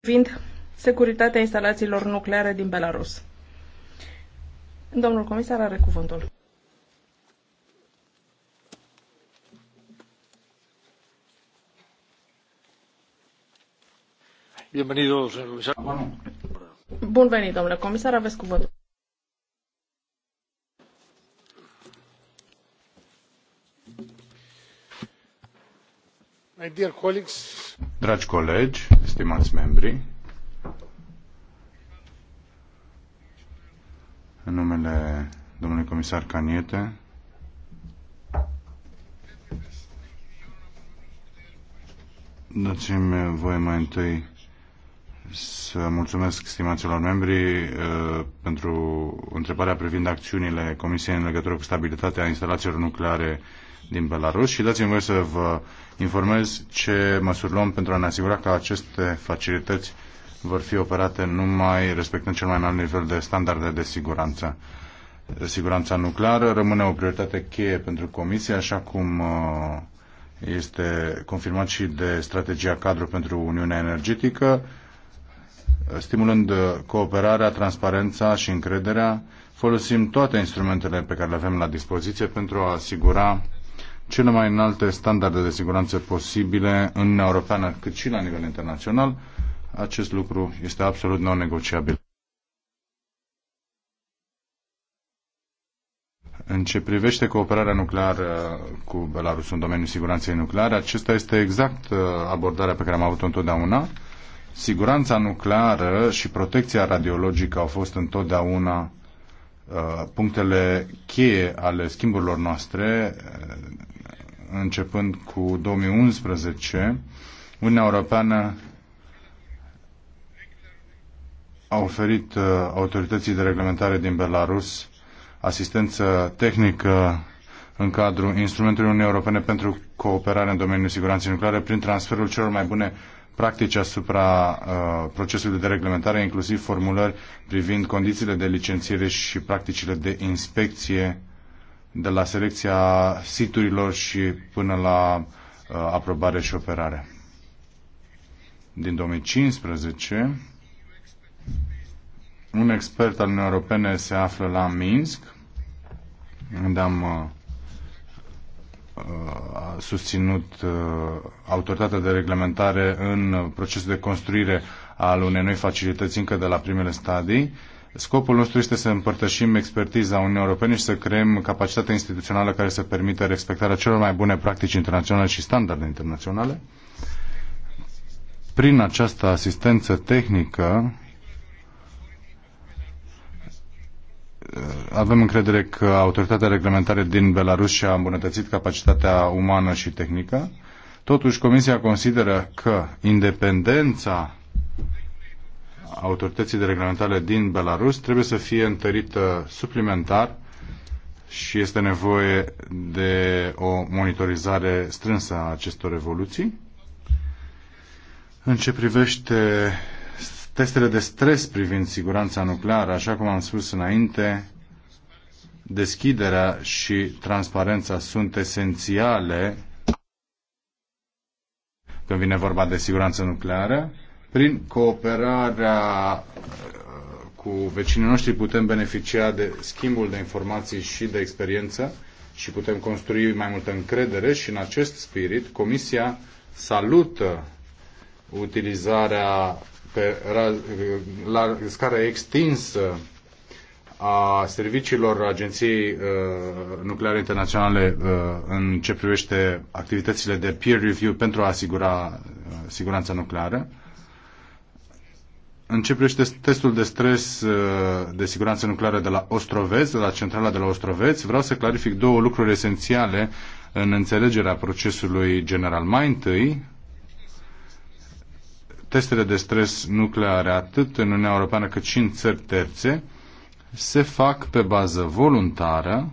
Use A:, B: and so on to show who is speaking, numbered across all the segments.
A: privind securitatea instalațiilor nucleare din Belarus. Domnul comisar are cuvântul. Bun venit, domnule comisar, aveți cuvântul.
B: Dragi colegi, stimați membri, în numele domnului comisar Caniete, dați-mi voi mai întâi să mulțumesc stimaților membri eh, pentru întrebarea privind acțiunile Comisiei în legătură cu stabilitatea instalațiilor nucleare din Belarus și dați-mi voie să vă informez ce măsuri luăm pentru a ne asigura că aceste facilități vor fi operate numai respectând cel mai înalt nivel de standarde de siguranță. Siguranța nucleară rămâne o prioritate cheie pentru Comisie, așa cum uh, este confirmat și de strategia cadru pentru Uniunea Energetică, stimulând uh, cooperarea, transparența și încrederea, folosim toate instrumentele pe care le avem la dispoziție pentru a asigura cele mai înalte standarde de siguranță posibile în Uniunea Europeană, cât și la nivel internațional. Acest lucru este absolut non-negociabil. În ce privește cooperarea nucleară cu Belarus în domeniul siguranței nucleare, acesta este exact uh, abordarea pe care am avut-o întotdeauna. Siguranța nucleară și protecția radiologică au fost întotdeauna uh, punctele cheie ale schimburilor noastre uh, începând cu 2011, Uniunea Europeană a oferit uh, autorității de reglementare din Belarus asistență tehnică în cadrul instrumentului Uniunii Europene pentru cooperare în domeniul siguranței nucleare prin transferul celor mai bune practici asupra uh, procesului de reglementare, inclusiv formulări privind condițiile de licențiere și practicile de inspecție de la selecția siturilor și până la uh, aprobare și operare. Din 2015, un expert al Uniunii Europene se află la Minsk, unde am uh, uh, susținut uh, autoritatea de reglementare în procesul de construire al unei noi facilități încă de la primele stadii. Uh, Scopul nostru este să împărtășim expertiza Uniunii Europene și să creăm capacitatea instituțională care să permită respectarea celor mai bune practici internaționale și standarde internaționale. Prin această asistență tehnică eh, avem încredere că autoritatea reglementare din Belarus și-a îmbunătățit capacitatea umană și tehnică. Totuși, Comisia consideră că independența autorității de reglementare din Belarus trebuie să fie întărită suplimentar și este nevoie de o monitorizare strânsă a acestor evoluții. În ce privește testele de stres privind siguranța nucleară, așa cum am spus înainte, deschiderea și transparența sunt esențiale când vine vorba de siguranță nucleară prin cooperarea uh, cu vecinii noștri putem beneficia de schimbul de informații și de experiență și putem construi mai multă încredere și în acest spirit Comisia salută utilizarea pe, la scară extinsă a serviciilor Agenției uh, Nucleare Internaționale uh, în ce privește activitățile de peer review pentru a asigura uh, siguranța nucleară. Începește testul de stres uh, de siguranță nucleară de la Ostroveț, de la centrala de la Ostroveț. Vreau să clarific două lucruri esențiale în înțelegerea procesului general. Mai întâi, testele de stres nucleare, atât în Uniunea Europeană cât și în țări terțe, se fac pe bază voluntară.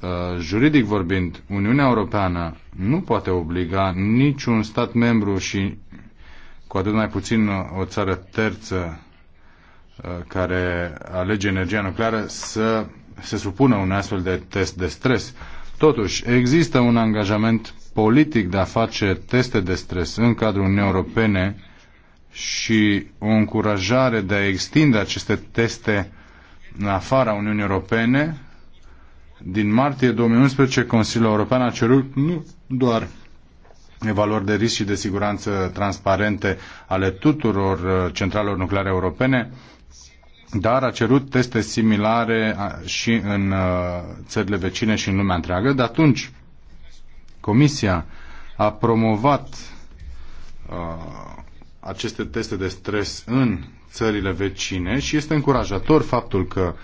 B: Uh, juridic vorbind, Uniunea Europeană nu poate obliga niciun stat membru și cu atât mai puțin o țară terță uh, care alege energia nucleară să se supună un astfel de test de stres. Totuși, există un angajament politic de a face teste de stres în cadrul Uniunii Europene și o încurajare de a extinde aceste teste în afara Uniunii Europene. Din martie 2011, Consiliul European a cerut nu doar evaluări de risc și de siguranță transparente ale tuturor uh, centralelor nucleare europene, dar a cerut teste similare uh, și în uh, țările vecine și în lumea întreagă. De atunci, Comisia a promovat aceste teste de stres în țările vecine și este încurajator faptul că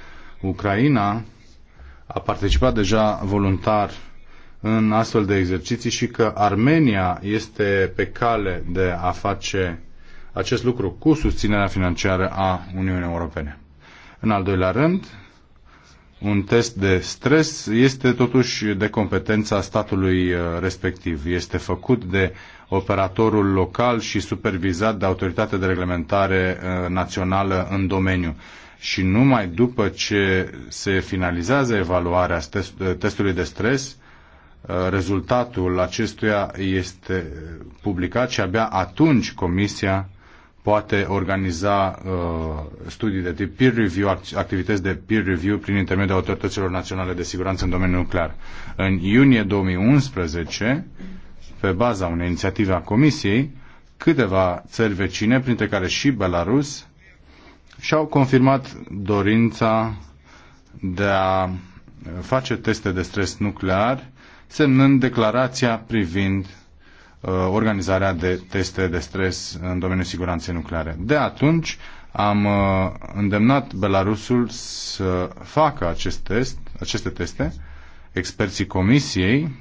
B: Ucraina a participat deja voluntar în astfel de exerciții și că Armenia este pe cale de a face acest lucru cu susținerea financiară a Uniunii Europene. În al doilea rând, un test de stres este totuși de competența statului uh, respectiv. Este făcut de operatorul local și supervizat de autoritatea de reglementare uh, națională în domeniu. Și numai după ce se finalizează evaluarea uh, testului de stres, Uh, rezultatul acestuia este publicat și abia atunci Comisia poate organiza uh, studii de tip peer review, activități de peer review prin intermediul autorităților naționale de siguranță în domeniul nuclear. În iunie 2011, pe baza unei inițiative a Comisiei, câteva țări vecine, printre care și Belarus, și-au confirmat dorința de a face teste de stres nuclear semnând declarația privind uh, organizarea de teste de stres în domeniul siguranței nucleare. De atunci am uh, îndemnat Belarusul să facă acest test, aceste teste. Experții comisiei,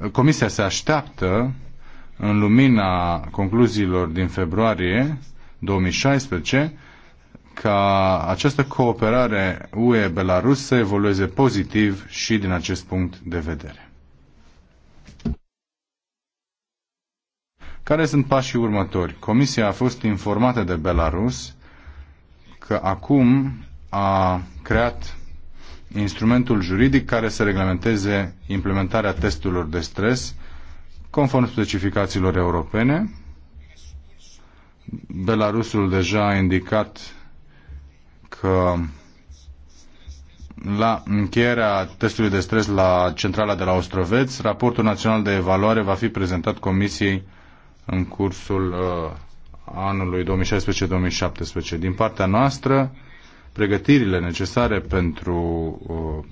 B: uh, comisia se așteaptă în lumina concluziilor din februarie 2016 ca această cooperare UE-Belarus să evolueze pozitiv și din acest punct de vedere. Care sunt pașii următori? Comisia a fost informată de Belarus că acum a creat instrumentul juridic care să reglementeze implementarea testurilor de stres conform specificațiilor europene. Belarusul deja a indicat că la încheierea testului de stres la centrala de la Ostroveț, raportul național de evaluare va fi prezentat Comisiei în cursul uh, anului 2016-2017. Din partea noastră, pregătirile necesare pentru uh,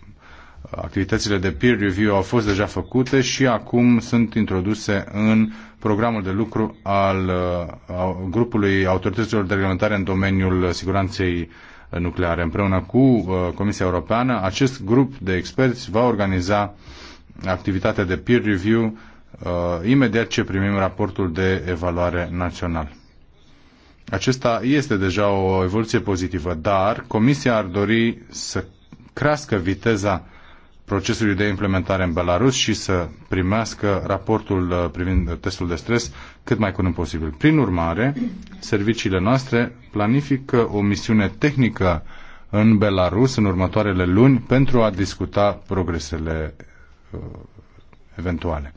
B: activitățile de peer review au fost deja făcute și acum sunt introduse în programul de lucru al, uh, al grupului autorităților de reglementare în domeniul siguranței nucleare. Împreună cu uh, Comisia Europeană, acest grup de experți va organiza activitatea de peer review uh, imediat ce primim raportul de evaluare național. Acesta este deja o evoluție pozitivă, dar Comisia ar dori să crească viteza procesului de implementare în Belarus și să primească raportul uh, privind uh, testul de stres cât mai curând posibil. Prin urmare, serviciile noastre planifică o misiune tehnică în Belarus în următoarele luni pentru a discuta progresele uh, eventuale.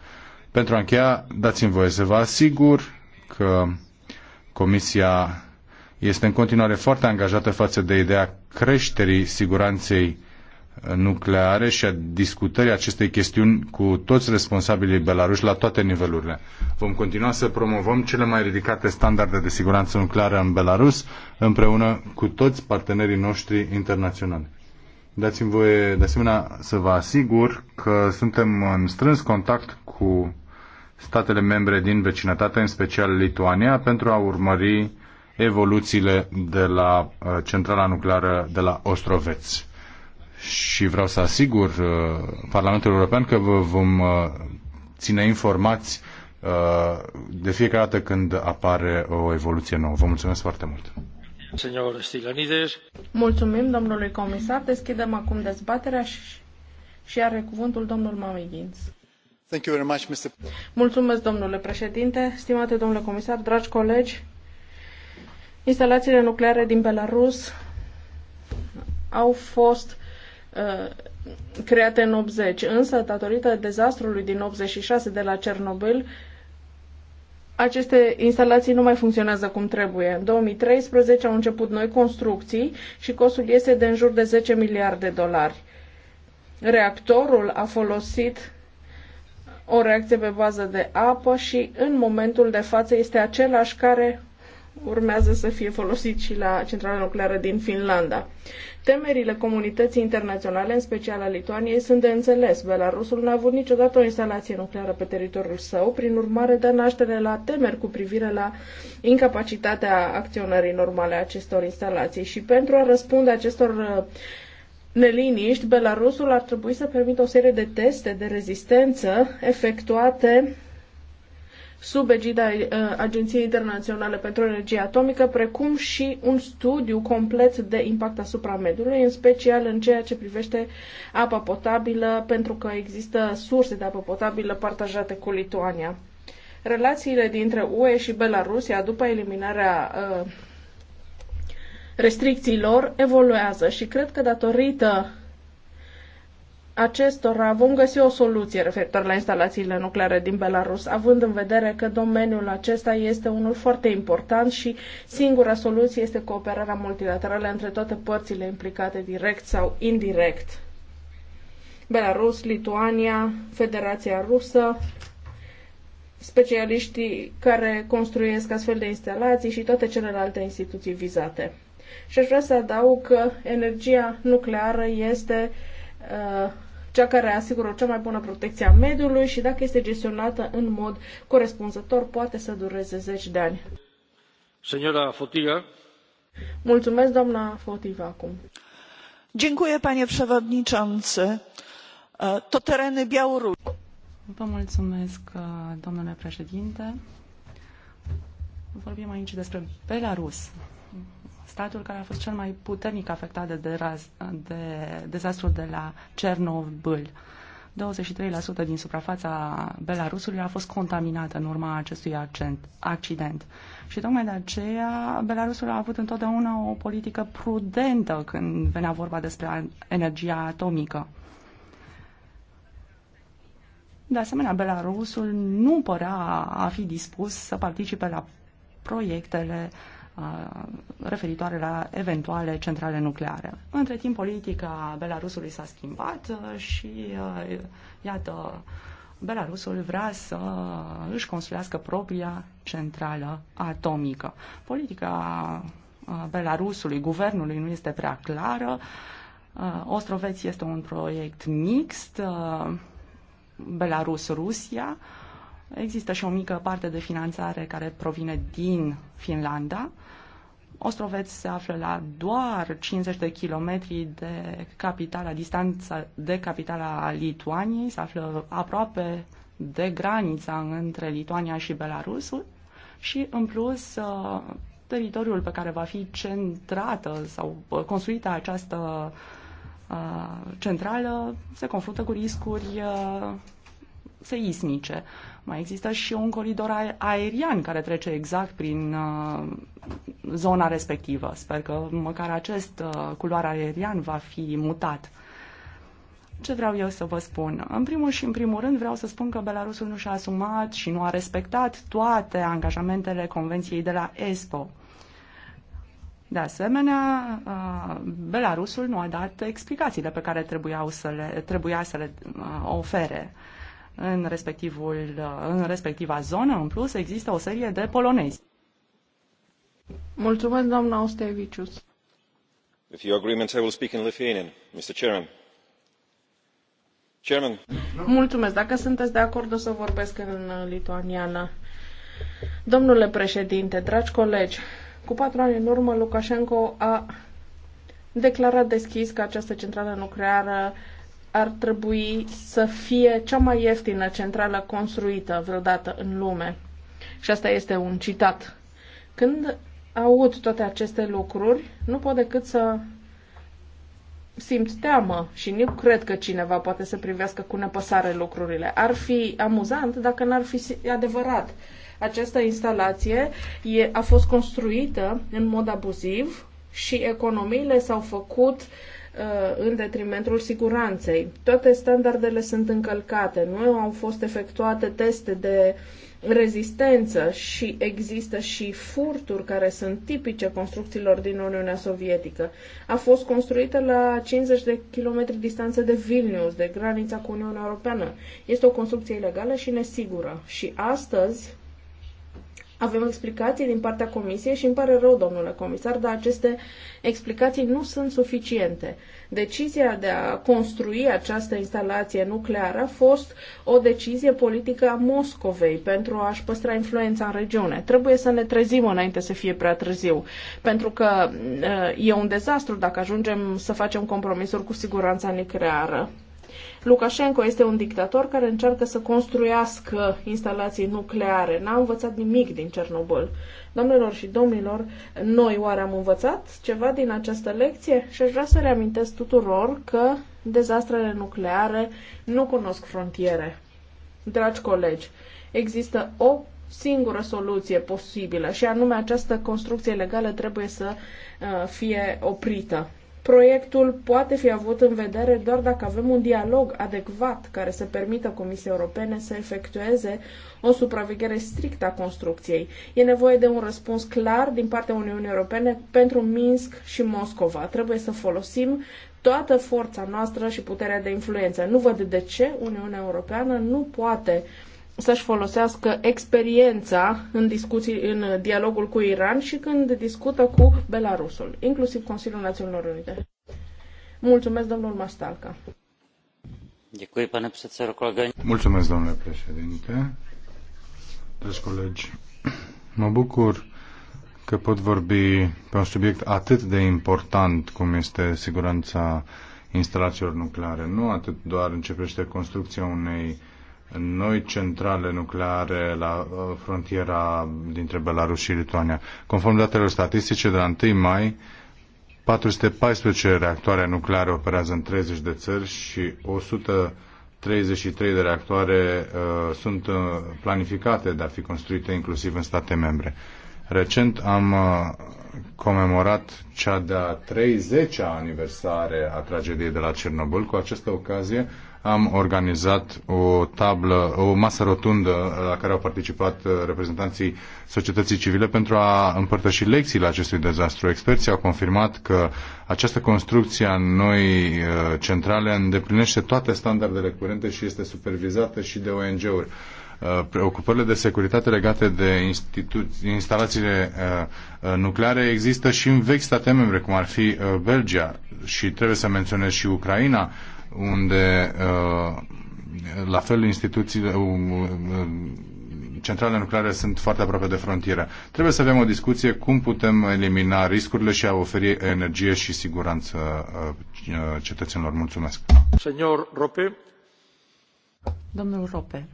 B: Pentru a încheia, dați-mi voie să vă asigur că Comisia este în continuare foarte angajată față de ideea creșterii siguranței nucleare și a discutării acestei chestiuni cu toți responsabilii belaruși la toate nivelurile. Vom continua să promovăm cele mai ridicate standarde de siguranță nucleară în Belarus împreună cu toți partenerii noștri internaționali. Dați-mi voie, de asemenea, să vă asigur că suntem în strâns contact cu statele membre din vecinătate, în special Lituania, pentru a urmări evoluțiile de la uh, centrala nucleară de la Ostroveți și vreau să asigur uh, Parlamentul European că vă vom uh, ține informați uh, de fiecare dată când apare o evoluție nouă. Vă mulțumesc foarte mult!
A: Mulțumim domnului comisar. Deschidem acum dezbaterea și, și are cuvântul domnul Mameghins.
B: Thank you very much, Mr.
A: Mulțumesc, domnule președinte, stimate domnule comisar, dragi colegi. Instalațiile nucleare din Belarus au fost Uh, create în 80, însă datorită dezastrului din 86 de la Cernobâl, aceste instalații nu mai funcționează cum trebuie. În 2013 au început noi construcții și costul este de în jur de 10 miliarde de dolari. Reactorul a folosit o reacție pe bază de apă și în momentul de față este același care urmează să fie folosit și la centrala nucleară din Finlanda. Temerile comunității internaționale, în special a Lituaniei, sunt de înțeles. Belarusul n-a avut niciodată o instalație nucleară pe teritoriul său, prin urmare dă naștere la temeri cu privire la incapacitatea acționării normale a acestor instalații. Și pentru a răspunde acestor uh, neliniști, Belarusul ar trebui să permită o serie de teste de rezistență efectuate sub egida eh, Agenției Internaționale pentru Energie Atomică, precum și un studiu complet de impact asupra mediului, în special în ceea ce privește apa potabilă, pentru că există surse de apă potabilă partajate cu Lituania. Relațiile dintre UE și Belarusia după eliminarea uh, restricțiilor evoluează și cred că datorită acestora vom găsi o soluție referitor la instalațiile nucleare din Belarus, având în vedere că domeniul acesta este unul foarte important și singura soluție este cooperarea multilaterală între toate părțile implicate direct sau indirect. Belarus, Lituania, Federația Rusă, specialiștii care construiesc astfel de instalații și toate celelalte instituții vizate. Și aș vrea să adaug că energia nucleară este uh, Uh, cea care asigură cea mai bună protecție a mediului și dacă este gestionată în mod corespunzător poate să dureze zeci de ani.
B: Senora Fotiga.
A: Mulțumesc, doamna Fotiga, acum. Dziękuję, panie przewodniczący. To tereny Białorusi.
C: Vă mulțumesc, domnule președinte. Vorbim aici despre Belarus statul care a fost cel mai puternic afectat de, deraz, de dezastrul de la Cernobâl. 23% din suprafața Belarusului a fost contaminată în urma acestui accent, accident. Și tocmai de aceea Belarusul a avut întotdeauna o politică prudentă când venea vorba despre energia atomică. De asemenea, Belarusul nu părea a fi dispus să participe la proiectele uh, referitoare la eventuale centrale nucleare. Între timp, politica Belarusului s-a schimbat uh, și, uh, iată, Belarusul vrea să își construiască propria centrală atomică. Politica uh, Belarusului, guvernului, nu este prea clară. Ostroveț este un proiect mixt, Belarus-Rusia, Există și o mică parte de finanțare care provine din Finlanda. Ostroveț se află la doar 50 de kilometri de capitala, distanța de capitala Lituaniei, se află aproape de granița între Lituania și Belarusul și, în plus, ă, teritoriul pe care va fi centrată sau ă, construită această ă, centrală se confruntă cu riscuri seismice. Mai există și un coridor aerian care trece exact prin uh, zona respectivă. Sper că măcar acest uh, culoar aerian va fi mutat. Ce vreau eu să vă spun? În primul și în primul rând vreau să spun că Belarusul nu și-a asumat și nu a respectat toate angajamentele Convenției de la ESPO. De asemenea, uh, Belarusul nu a dat explicațiile pe care trebuiau să le, trebuia să le ofere în, respectivul, în respectiva zonă. În plus, există o serie de polonezi.
A: Mulțumesc, doamna Ostevicius.
D: With your agreement, I will speak in Lithuanian, Mr. Chairman. Chairman.
A: Mulțumesc. Dacă sunteți de acord, o să vorbesc în lituaniană. Domnule președinte, dragi colegi, cu patru ani în urmă, Lukashenko a declarat deschis că această centrală nucleară ar trebui să fie cea mai ieftină centrală construită vreodată în lume. Și asta este un citat. Când aud toate aceste lucruri, nu pot decât să simt teamă și nu cred că cineva poate să privească cu nepăsare lucrurile. Ar fi amuzant dacă n-ar fi adevărat. Această instalație e, a fost construită în mod abuziv și economiile s-au făcut uh, Uh, în detrimentul siguranței. Toate standardele sunt încălcate, nu au fost efectuate teste de rezistență și există și furturi care sunt tipice construcțiilor din Uniunea Sovietică. A fost construită la 50 de kilometri distanță de Vilnius, de granița cu Uniunea Europeană. Este o construcție ilegală și nesigură. Și astăzi avem explicații din partea comisiei și îmi pare rău, domnule comisar, dar aceste explicații nu sunt suficiente. Decizia de a construi această instalație nucleară a fost o decizie politică a Moscovei pentru a-și păstra influența în regiune. Trebuie să ne trezim înainte să fie prea târziu, pentru că uh, e un dezastru dacă ajungem să facem compromisuri cu siguranța nucleară. Lukashenko este un dictator care încearcă să construiască instalații nucleare. N-a învățat nimic din Cernobâl. Domnilor și domnilor, noi oare am învățat ceva din această lecție? Și aș vrea să reamintesc tuturor că dezastrele nucleare nu cunosc frontiere. Dragi colegi, există o singură soluție posibilă și anume această construcție legală trebuie să uh, fie oprită. Proiectul poate fi avut în vedere doar dacă avem un dialog adecvat care să permită Comisiei Europene să efectueze o supraveghere strictă a construcției. E nevoie de un răspuns clar din partea Uniunii Europene pentru Minsk și Moscova. Trebuie să folosim toată forța noastră și puterea de influență. Nu văd de ce Uniunea Europeană nu poate uh, să-și folosească experiența în, discuții, în dialogul cu Iran și când discută cu Belarusul, inclusiv Consiliul Națiunilor Unite. Mulțumesc, domnul Mastalca.
B: Mulțumesc, domnule președinte. Dragi colegi, mă bucur că pot vorbi pe un subiect atât de important cum este siguranța instalațiilor nucleare. Nu atât doar începește construcția unei noi centrale nucleare la uh, frontiera dintre Belarus și Lituania. Conform datelor statistice, de la 1 mai, 414 reactoare nucleare operează în 30 de țări și 133 de reactoare uh, sunt uh, planificate de a fi construite inclusiv în state membre. Recent am uh, comemorat cea de-a 30-a aniversare a tragediei de la Cernobâl. Cu această ocazie am organizat o tablă, o masă rotundă la care au participat uh, reprezentanții societății civile pentru a împărtăși lecțiile acestui dezastru. Experții au confirmat că această construcție a noi uh, centrale îndeplinește toate standardele curente și este supervizată și de ONG-uri uh, preocupările de securitate legate de instalațiile nucleare există și în vechi state membre, cum ar fi Belgia și trebuie să menționez și Ucraina, unde uh, la fel instituțiile, uh, uh, centrale nucleare sunt foarte aproape de frontieră. Trebuie să avem o discuție cum putem elimina riscurile și a oferi energie și siguranță cetățenilor. Mulțumesc. Senor Rope.
C: Domnul Rope.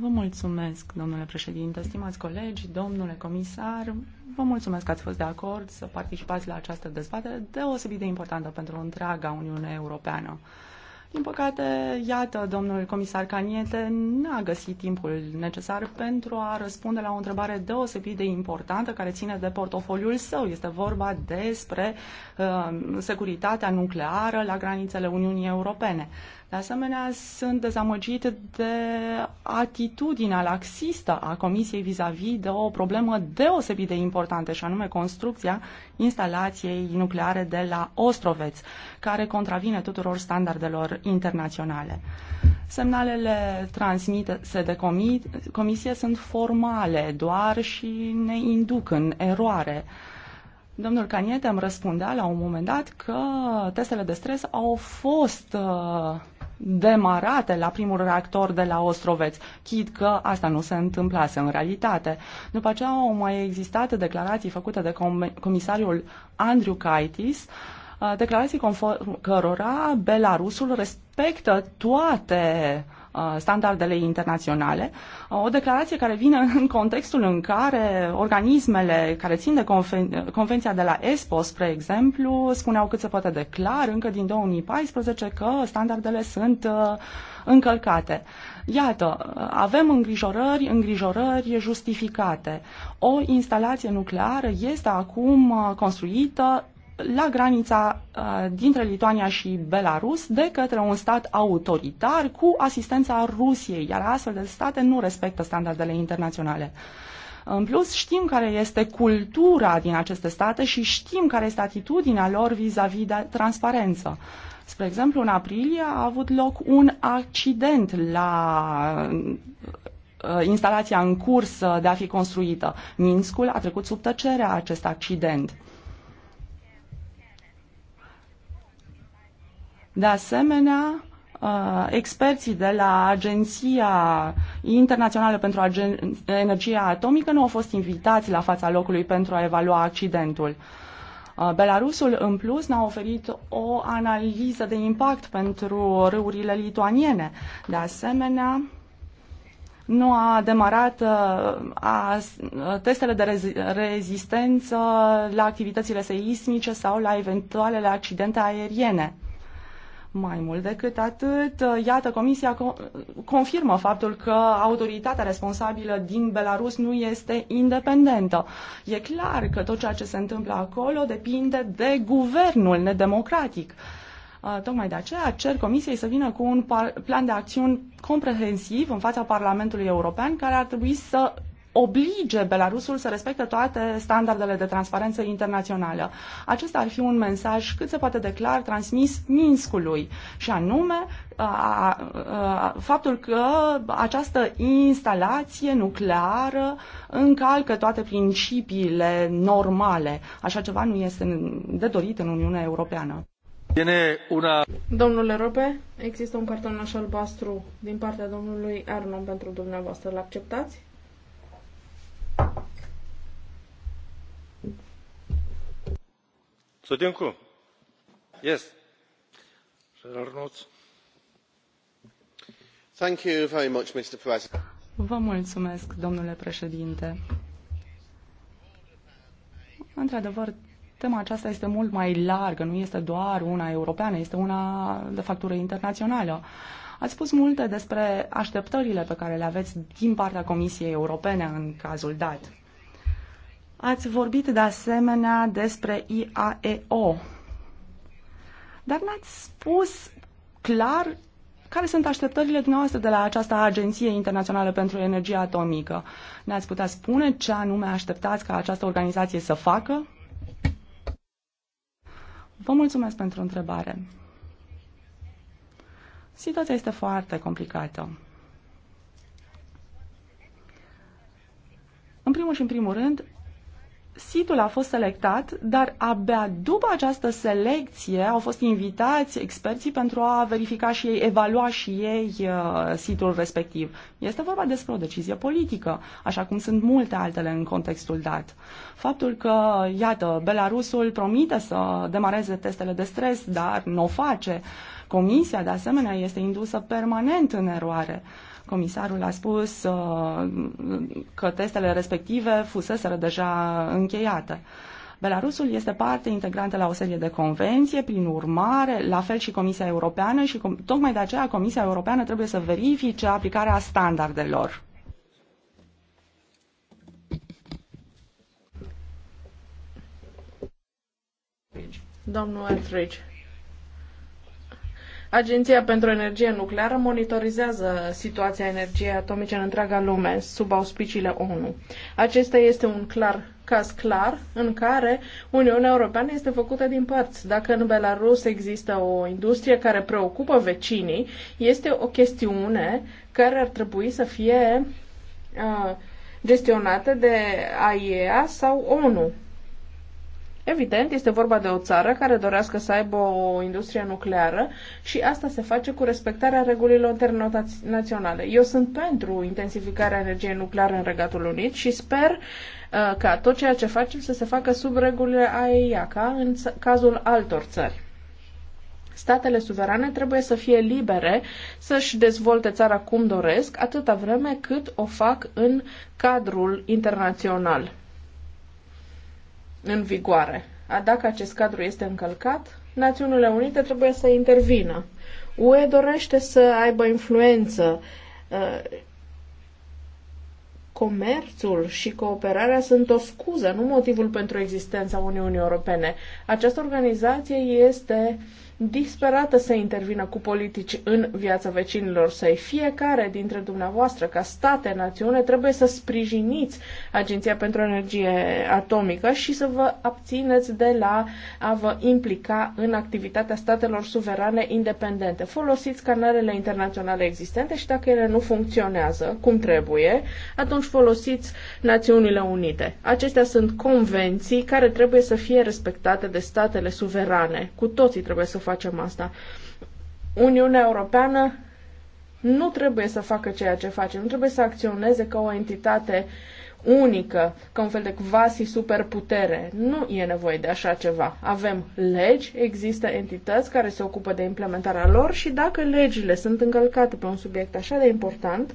C: Vă mulțumesc, domnule președinte, stimați colegi, domnule comisar. Vă mulțumesc că ați fost de acord să participați la această dezbatere deosebit de importantă pentru întreaga Uniune Europeană. Din păcate, iată, domnul comisar Caniete n-a găsit timpul necesar pentru a răspunde la o întrebare deosebit de importantă care ține de portofoliul său. Este vorba despre uh, securitatea nucleară la granițele Uniunii Europene. De asemenea, sunt dezamăgit de atitudinea laxistă a Comisiei vis-a-vis -vis de o problemă deosebit de importantă, și anume construcția instalației nucleare de la Ostroveț, care contravine tuturor standardelor internaționale. Semnalele transmise de comisie sunt formale doar și ne induc în eroare. Domnul Caniete îmi răspundea la un moment dat că testele de stres au fost uh, demarate la primul reactor de la Ostroveț, chid că asta nu se întâmplase în realitate. După aceea au mai existat declarații făcute de com- comisariul Andrew Kaitis, uh, declarații conform cărora Belarusul respectă toate uh, Uh, standardele internaționale, uh, o declarație care vine în contextul în care organismele care țin de conven- Convenția de la ESPO, spre exemplu, spuneau cât se poate de clar încă din 2014 că standardele sunt uh, încălcate. Iată, avem îngrijorări, îngrijorări justificate. O instalație nucleară este acum construită la granița uh, dintre Lituania și Belarus de către un stat autoritar cu asistența Rusiei, iar astfel de state nu respectă standardele internaționale. În plus, știm care este cultura din aceste state și știm care este atitudinea lor vis-a-vis -vis de transparență. Spre exemplu, în aprilie a avut loc un accident la uh, instalația în curs de a fi construită. Minskul a trecut sub tăcere acest accident. De asemenea, uh, experții de la Agenția Internațională pentru Agen- Energia Atomică nu au fost invitați la fața locului pentru a evalua accidentul. Uh, Belarusul, în plus, ne-a oferit o analiză de impact pentru râurile lituaniene. De asemenea, nu a demarat uh, a, testele de rez, rezistență la activitățile seismice sau la eventualele accidente aeriene. Mai mult decât atât, iată, Comisia confirmă faptul că autoritatea responsabilă din Belarus nu este independentă. E clar că tot ceea ce se întâmplă acolo depinde de guvernul nedemocratic. Tocmai de aceea cer Comisiei să vină cu un plan de acțiuni comprehensiv în fața Parlamentului European care ar trebui să oblige Belarusul să respecte toate standardele de transparență internațională. Acesta ar fi un mesaj cât se poate de clar transmis Minskului și anume a, a, a, faptul că această instalație nucleară încalcă toate principiile normale. Așa ceva nu este de dorit în
A: Uniunea Europeană. Una... Domnule Robe, există un așa albastru din partea domnului Arnon pentru dumneavoastră. L-acceptați?
B: Sutinku. Yes. Thank you very much, Mr. President.
C: Vă mulțumesc, domnule președinte. Într-adevăr, tema aceasta este mult mai largă, nu este doar una europeană, este una de factură internațională. Uh, Ați spus multe despre așteptările pe care le aveți din partea Comisiei Europene în cazul dat. Ați vorbit de asemenea despre IAEO, dar n-ați spus clar care sunt așteptările dumneavoastră de la această Agenție Internațională pentru Energie Atomică? Ne-ați putea spune ce anume așteptați ca această organizație să facă? Vă mulțumesc pentru întrebare. Situația este foarte complicată. În primul și în primul rând, situl a fost selectat, dar abia după această selecție au fost invitați experții pentru a verifica și ei, evalua și ei uh, situl respectiv. Este vorba despre o decizie politică, așa cum sunt multe altele în contextul dat. Faptul că, iată, Belarusul promite să demareze testele de stres, dar nu o face, uh, Comisia, de asemenea, este indusă permanent în eroare. Comisarul a spus uh, că testele respective fuseseră deja încheiate. Belarusul este parte integrantă la o serie de convenție, prin urmare, la fel și Comisia Europeană și tocmai de aceea Comisia Europeană trebuie să verifice aplicarea standardelor.
A: Domnul Etheridge. Agenția pentru Energie Nucleară monitorizează situația energiei atomice în întreaga lume sub auspiciile ONU. Acesta este un clar caz clar în care Uniunea Europeană este făcută din părți. Dacă în Belarus există o industrie care preocupă vecinii, este o chestiune care ar trebui să fie uh, gestionată de AIEA sau ONU. Evident, este vorba de o țară care dorească să aibă o industrie nucleară și asta se face cu respectarea regulilor internaționale. Eu sunt pentru intensificarea energiei nucleare în Regatul Unit și sper uh, ca tot ceea ce facem să se facă sub regulile AEIA, ca în cazul altor țări. Statele suverane trebuie să fie libere să-și dezvolte țara cum doresc, atâta vreme cât o fac în cadrul internațional în vigoare. A, dacă acest cadru este încălcat, Națiunile Unite trebuie să intervină. UE dorește să aibă influență. Uh, comerțul și cooperarea sunt o scuză, nu motivul pentru existența Uniunii Europene. Această organizație este disperată să intervină cu politici în viața vecinilor săi. Fiecare dintre dumneavoastră, ca state, națiune, trebuie să sprijiniți Agenția pentru Energie Atomică și să vă abțineți de la a vă implica în activitatea statelor suverane independente. Folosiți canalele internaționale existente și dacă ele nu funcționează cum trebuie, atunci folosiți Națiunile Unite. Acestea sunt convenții care trebuie să fie respectate de statele suverane. Cu toții trebuie să facă facem asta. Uniunea Europeană nu trebuie să facă ceea ce face, nu trebuie să acționeze ca o entitate unică, ca un fel de quasi superputere. Nu e nevoie de așa ceva. Avem legi, există entități care se ocupă de implementarea lor și dacă legile sunt încălcate pe un subiect așa de important,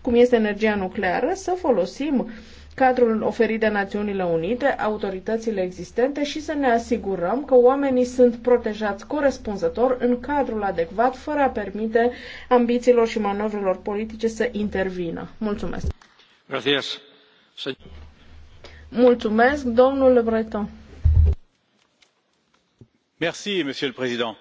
A: cum este energia nucleară, să folosim cadrul oferit de Națiunile Unite, autoritățile existente și să ne asigurăm că oamenii sunt protejați corespunzător în cadrul adecvat, fără a permite ambițiilor și manovrelor politice să intervină. Mulțumesc! Gracias. Mulțumesc, domnule Breton.
B: Merci, monsieur le président.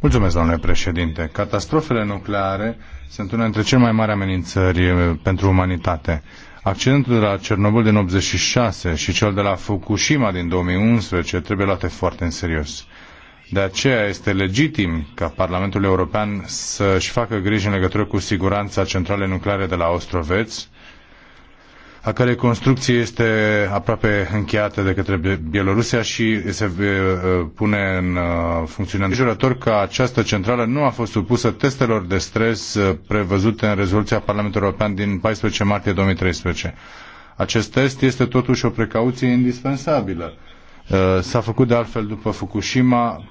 B: Mulțumesc, domnule președinte. Catastrofele nucleare sunt una dintre cele mai mari amenințări pentru umanitate Accidentul de la Cernobâl din 86 și cel de la Fukushima din 2011 trebuie luate foarte în serios. De aceea este legitim ca Parlamentul European să-și facă griji în legătură cu siguranța centralei nucleare de la Ostroveț a cărei construcție este aproape încheiată de către Bielorusia și se eh, eh, pune în eh, funcțiune. Jurător că această centrală nu a fost supusă testelor de stres prevăzute în rezoluția Parlamentului European din 14 martie 2013. Acest test este totuși o precauție indispensabilă. S-a făcut de altfel după Fukushima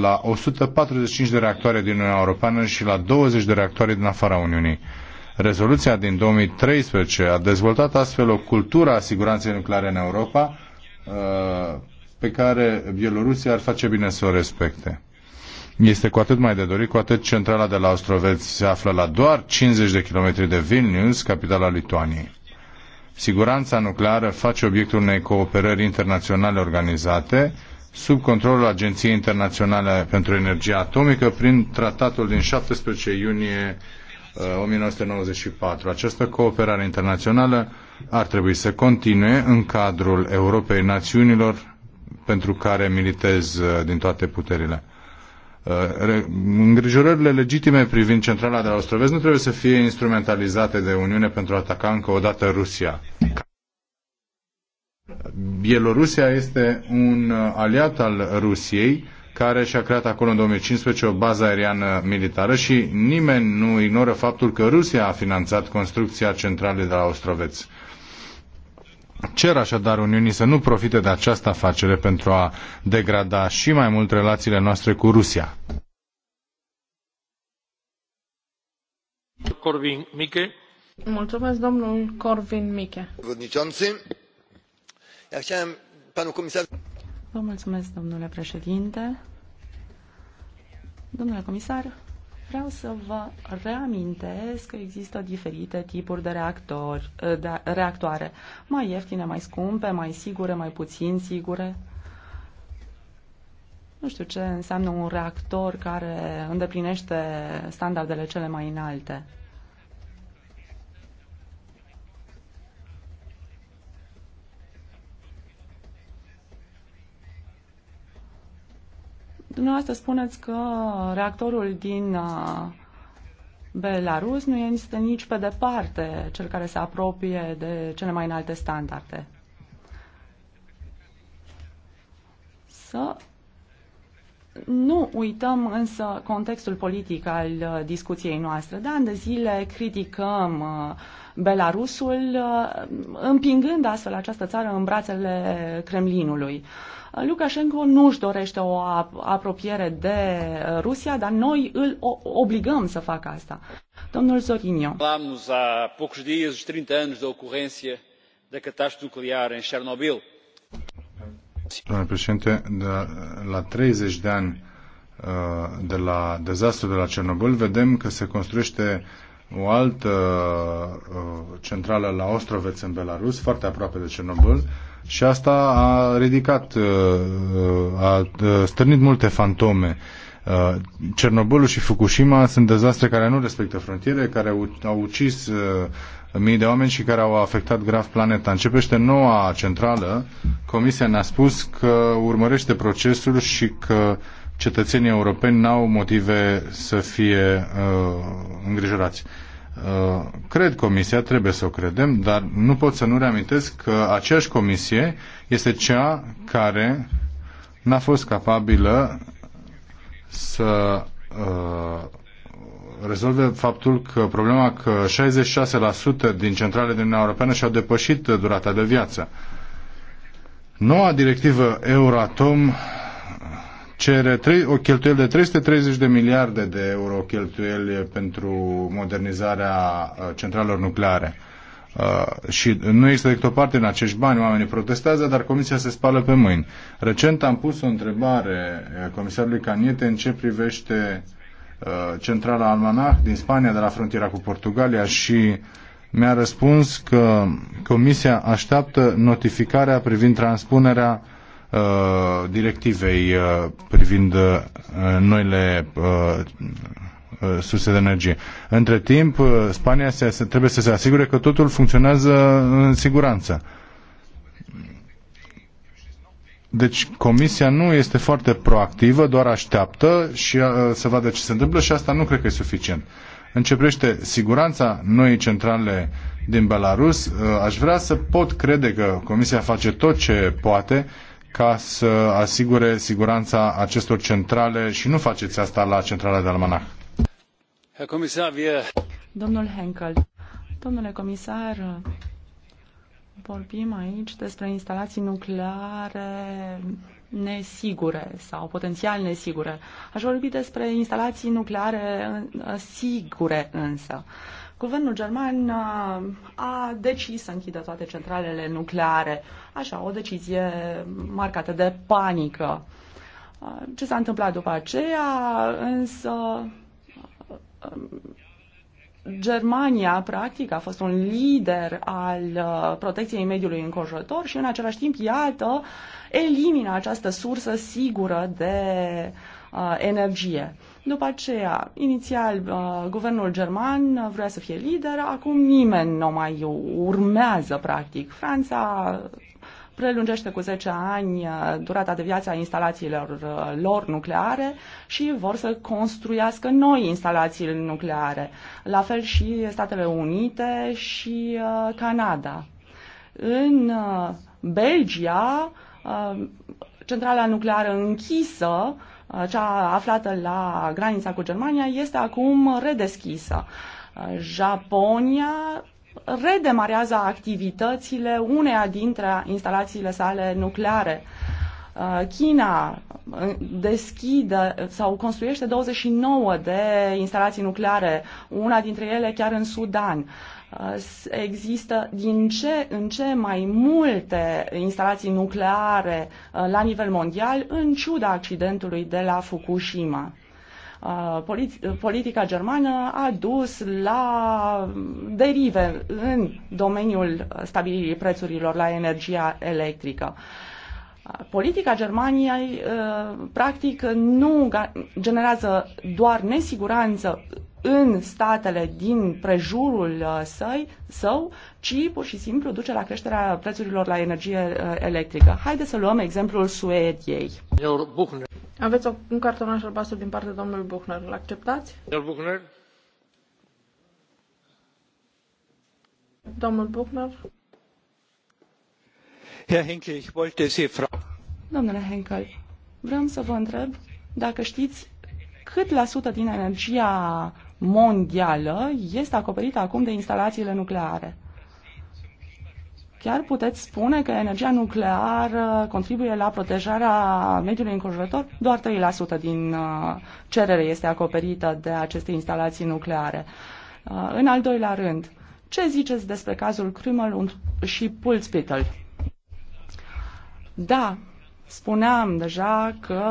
B: la 145 de reactoare din Uniunea Europeană și la 20 de reactoare din afara Uniunii. Rezoluția din 2013 a dezvoltat astfel o cultură a siguranței nucleare în Europa uh, pe care Bielorusia ar face bine să o respecte. Este cu atât mai de dorit, cu atât centrala de la Ostroveți se află la doar 50 de kilometri de Vilnius, capitala Lituaniei. Siguranța nucleară face obiectul unei cooperări internaționale organizate sub controlul Agenției Internaționale pentru Energie Atomică prin tratatul din 17 iunie 1994. Uh, Această cooperare internațională ar trebui să continue în cadrul Europei Națiunilor pentru care militez uh, din toate puterile. Uh, îngrijorările legitime privind centrala de la Ostrovez nu trebuie să fie instrumentalizate de Uniune pentru a ataca încă o dată Rusia. Bielorusia este un aliat al Rusiei care și-a creat acolo în 2015 o bază aeriană militară și nimeni nu ignoră faptul că Rusia a finanțat construcția centralei de la Ostroveț. Cer așadar Uniunii să nu profite de această afacere pentru a degrada și mai mult relațiile noastre cu Rusia. Corvin Miche.
A: Mulțumesc, domnul Corvin Miche. Panu comisar. Vă mulțumesc, domnule președinte.
C: Domnule comisar, vreau să vă reamintesc că există diferite tipuri de, reactor, de reactoare. Mai ieftine, mai scumpe, mai sigure, mai puțin sigure. Nu știu ce înseamnă un reactor care îndeplinește standardele cele mai înalte. Dumneavoastră spuneți că reactorul din uh, Belarus nu este nici pe departe cel care se apropie de cele mai înalte standarde. Să nu uităm însă contextul politic al uh, discuției noastre. De ani de zile criticăm uh, Belarusul, uh, împingând astfel această țară în brațele Kremlinului. Uh, Lukashenko nu își dorește o apropiere de uh, Rusia, dar noi îl obligăm să facă asta. Domnul Zorinio.
A: Falamos há poucos dias 30 anos da ocorrência da catástrofe nuclear
B: în Chernobyl. Domnule președinte, de la 30 de ani de la dezastru de la Cernobâl, vedem că se construiește o altă uh, centrală la Ostroveț în Belarus, foarte aproape de Cernobâl, și asta a ridicat, uh, uh, a stârnit multe fantome. Cernobâlul și Fukushima sunt dezastre care nu respectă frontiere, care au ucis mii de oameni și care au afectat grav planeta. Începește noua centrală. Comisia ne-a spus că urmărește procesul și că uh, cetățenii europeni n-au motive să fie uh, îngrijorați. Uh, cred comisia, trebuie să o credem, dar nu pot să nu reamintesc că aceeași comisie este cea care n-a fost capabilă să uh, rezolve faptul că problema că 66% din centralele din Uniunea Europeană și-au depășit durata de viață. Noua directivă Euratom cere o cheltuieli de 330 de miliarde de euro cheltuieli pentru modernizarea uh, centralelor nucleare. Uh, și nu există decât o parte din acești bani, oamenii protestează, dar Comisia se spală pe mâini. Recent am pus o întrebare uh, comisarului Caniete în ce privește uh, centrala Almanach din Spania, de la frontiera cu Portugalia și mi-a răspuns că Comisia așteaptă notificarea privind transpunerea Uh, directivei uh, privind uh, noile surse de energie. Între timp, Spania se, trebuie să se asigure că totul funcționează în siguranță. Deci comisia nu este foarte proactivă, doar așteaptă și uh, să vadă ce se întâmplă și asta nu cred că e suficient. Începește siguranța noii centrale din Belarus. Uh, aș vrea să pot crede că comisia face tot ce poate ca să asigure siguranța acestor centrale și nu faceți asta la centrala de almanach.
C: Domnul Henkel, domnule comisar, vorbim aici despre instalații nucleare nesigure sau potențial nesigure. Aș vorbi despre instalații nucleare sigure însă. Guvernul german uh, a decis să închidă toate centralele nucleare. Așa, o decizie marcată de panică. Uh, ce s-a întâmplat după aceea, însă uh, Germania, practic, a fost un lider al protecției mediului înconjurător și, în același timp, iată, elimină această sursă sigură de uh, energie. După aceea, inițial, uh, guvernul german vrea să fie lider, acum nimeni nu mai urmează, practic. Franța prelungește cu 10 ani uh, durata de viață a instalațiilor uh, lor nucleare și vor să construiască noi instalații nucleare. La fel și Statele Unite și Canada. În Belgia, centrala nucleară închisă Uh, cea aflată la granița cu Germania, este acum redeschisă. Uh, Japonia redemarează activitățile uneia dintre instalațiile sale nucleare. Uh, China deschide sau construiește 29 de instalații nucleare, una dintre ele chiar în Sudan. Uh, există din ce în ce mai multe instalații nucleare uh, la nivel mondial, în ciuda accidentului de la Fukushima. Uh, politica germană a dus la derive în domeniul stabilirii prețurilor la energia electrică. Politica Germaniei, practic, nu generează doar nesiguranță în statele din prejurul uh, săi, său, ci pur și simplu duce la creșterea prețurilor la energie uh, electrică. Haideți să luăm exemplul Suediei.
A: Aveți un cartonaș albastru din partea domnului Buchner. Îl acceptați? Domnul Buchner? Domnul Buchner?
C: Herr Henkel, ich wollte Sie fragen. Domnule Henkel, vreau să vă întreb dacă știți cât la sută din energia mondială este acoperită acum de instalațiile nucleare. Chiar puteți spune că energia nucleară contribuie la protejarea mediului înconjurător? Doar 3% din uh, cerere este acoperită de aceste instalații nucleare. Uh, în al doilea rând, ce ziceți despre cazul Krümel și Pulspital? Da, Spuneam deja că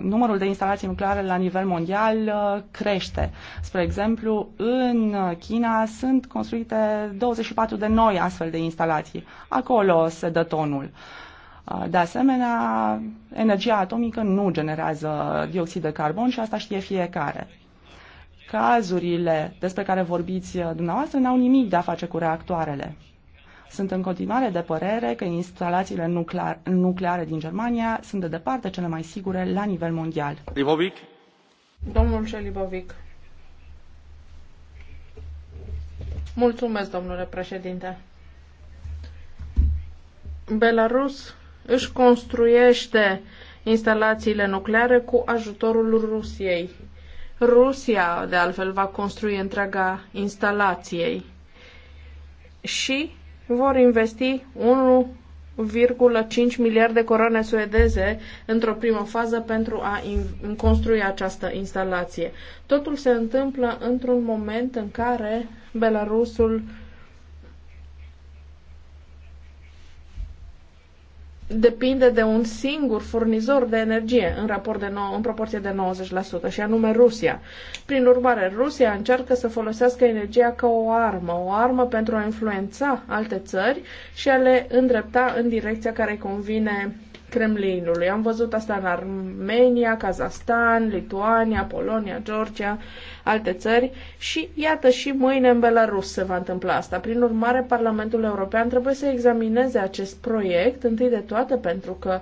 C: numărul de instalații nucleare la nivel mondial uh, crește. Spre exemplu, în China sunt construite 24 de noi astfel de instalații. Acolo se dă tonul. Uh, de asemenea, energia atomică nu generează dioxid de carbon și asta știe fiecare. Cazurile despre care vorbiți uh, dumneavoastră n-au nimic de a face cu reactoarele. Sunt în continuare de părere că instalațiile nuclear, nucleare din Germania sunt de departe cele mai sigure la nivel mondial. Libovic?
A: Domnul Șelibovic. Mulțumesc, domnule președinte. Belarus își construiește instalațiile nucleare cu ajutorul Rusiei. Rusia, de altfel, va construi întreaga instalației. Și vor investi 1,5 miliarde coroane suedeze într-o primă fază pentru a construi această instalație. Totul se întâmplă într-un moment în care Belarusul depinde de un singur furnizor de energie în, raport de nou, în proporție de 90% și anume Rusia. Prin urmare, Rusia încearcă să folosească energia ca o armă, o armă pentru a influența alte țări și a le îndrepta în direcția care îi convine Kremlinului. Am văzut asta în Armenia, Kazastan, Lituania, Polonia, Georgia, alte țări și iată și mâine în Belarus se va întâmpla asta. Prin urmare, Parlamentul European trebuie să examineze acest proiect întâi de toate pentru că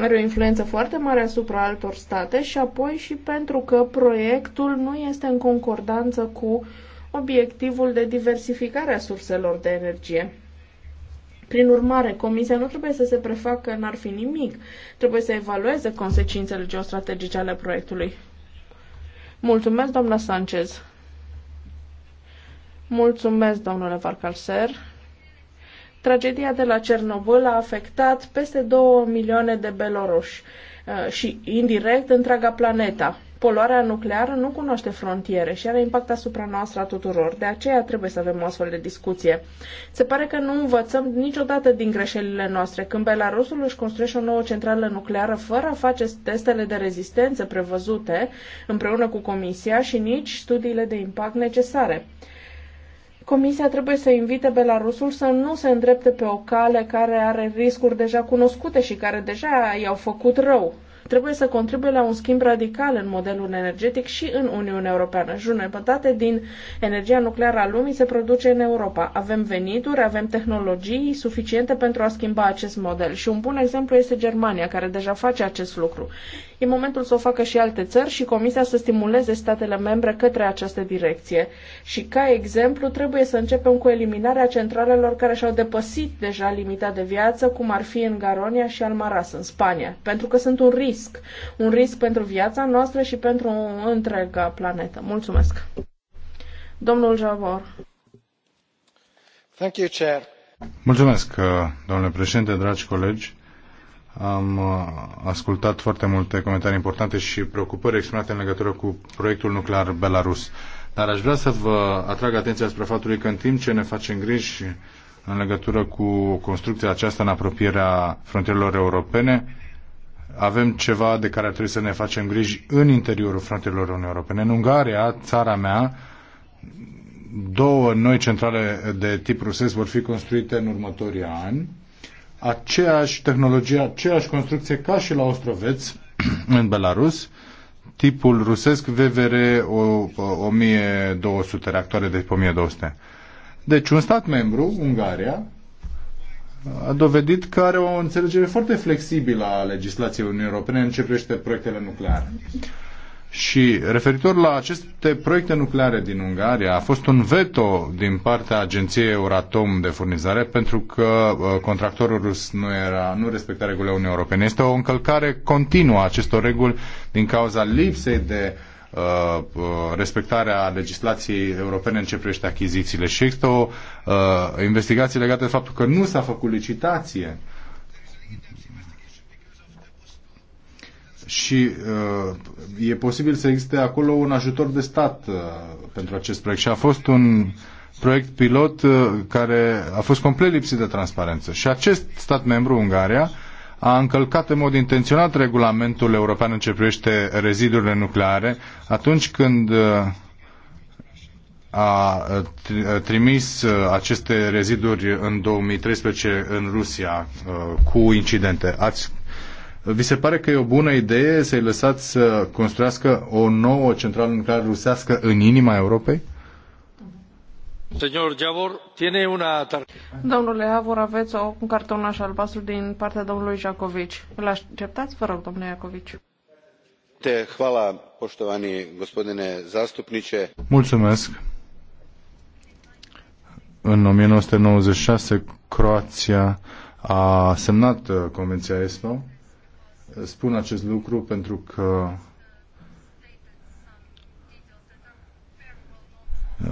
A: are o influență foarte mare asupra altor state și apoi și pentru că proiectul nu este în concordanță cu obiectivul de diversificare a surselor de energie. Prin urmare, Comisia nu trebuie să se prefacă n-ar fi nimic. Trebuie să evalueze consecințele geostrategice ale proiectului. Mulțumesc, doamna Sanchez. Mulțumesc, domnule Varcalser. Tragedia de la Cernobâl a afectat peste 2 milioane de beloroși uh, și, indirect, întreaga planetă. Poluarea nucleară nu cunoaște frontiere și are impact asupra noastră a tuturor. De aceea trebuie să avem o astfel de discuție. Se pare că nu învățăm niciodată din greșelile noastre. Când Belarusul își construiește o nouă centrală nucleară fără a face testele de rezistență prevăzute împreună cu Comisia și nici studiile de impact necesare. Comisia trebuie să invite Belarusul să nu se îndrepte pe o cale care are riscuri deja cunoscute și care deja i-au făcut rău trebuie să contribuie la un schimb radical în modelul energetic și în Uniunea Europeană. Jumătate din energia nucleară a lumii se produce în Europa. Avem venituri, avem tehnologii suficiente pentru a schimba acest model și un bun exemplu este Germania, care deja face acest lucru. E momentul să o facă și alte țări și Comisia să stimuleze statele membre către această direcție. Și, ca exemplu, trebuie să începem cu eliminarea centralelor care și-au depăsit deja limita de viață, cum ar fi în Garonia și Almaras, în Spania, pentru că sunt un risc. Un risc pentru viața noastră și pentru întreaga planetă. Mulțumesc! Domnul Javor.
B: Thank you, Chair. Mulțumesc, domnule președinte, dragi colegi. Am uh, ascultat foarte multe comentarii importante și preocupări exprimate în legătură cu proiectul nuclear Belarus. Dar aș vrea să vă atrag atenția asupra faptului că în timp ce ne facem griji în legătură cu construcția aceasta în apropierea frontierelor europene, avem ceva de care ar trebui să ne facem griji în interiorul frontierelor Uniunii Europene. În Ungaria, țara mea, două noi centrale de tip rusesc vor fi construite în următorii ani aceeași tehnologie, aceeași construcție ca și la Ostroveț, în Belarus, tipul rusesc VVR 1200, reactoare de 1200. Deci un stat membru, Ungaria, a dovedit că are o înțelegere foarte flexibilă a legislației Uniunii Europene în ce privește proiectele nucleare. Și referitor la aceste proiecte nucleare din Ungaria, a fost un veto din partea agenției Euratom de furnizare pentru că uh, contractorul rus nu, era, nu respecta regulile Uniunii Europene. Este o încălcare continuă a acestor reguli din cauza lipsei de uh, uh respectarea legislației europene în ce privește achizițiile. Și există o uh, investigație legată de faptul că nu s-a făcut licitație uh, și uh, e posibil să existe acolo un ajutor de stat uh, pentru acest proiect. Și a fost un proiect pilot uh, care a fost complet lipsit de transparență. Și acest stat membru, Ungaria, a încălcat în mod intenționat regulamentul european în ce privește rezidurile nucleare atunci când uh, a trimis uh, aceste reziduri în 2013 în Rusia uh, cu incidente. Ați vi se pare că e o bună idee să-i lăsați să construiască o nouă centrală nucleară rusească în inima Europei?
A: Domnule Avor, aveți o, un cartonaș albastru din partea domnului Jacovici. Îl așteptați, vă rog, domnule Jacovici?
B: Hvala, gospodine Mulțumesc. În 1996, Croația a semnat uh, Convenția ESPO Spun acest lucru pentru că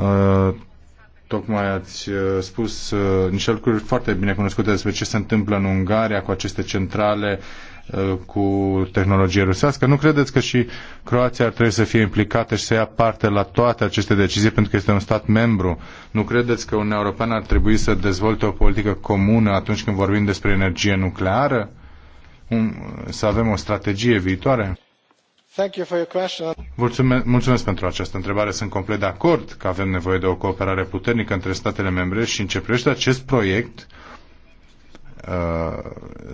B: uh, tocmai ați spus uh, niște lucruri foarte bine cunoscute despre ce se întâmplă în Ungaria cu aceste centrale uh, cu tehnologie rusească. Nu credeți că și Croația ar trebui să fie implicată și să ia parte la toate aceste decizii pentru că este un stat membru? Nu credeți că Uniunea Europeană ar trebui să dezvolte o politică comună atunci când vorbim despre energie nucleară? să avem o strategie viitoare? Mulțumesc, mulțumesc pentru această întrebare. Sunt complet de acord că avem nevoie de o cooperare puternică între statele membre și începește acest proiect, uh,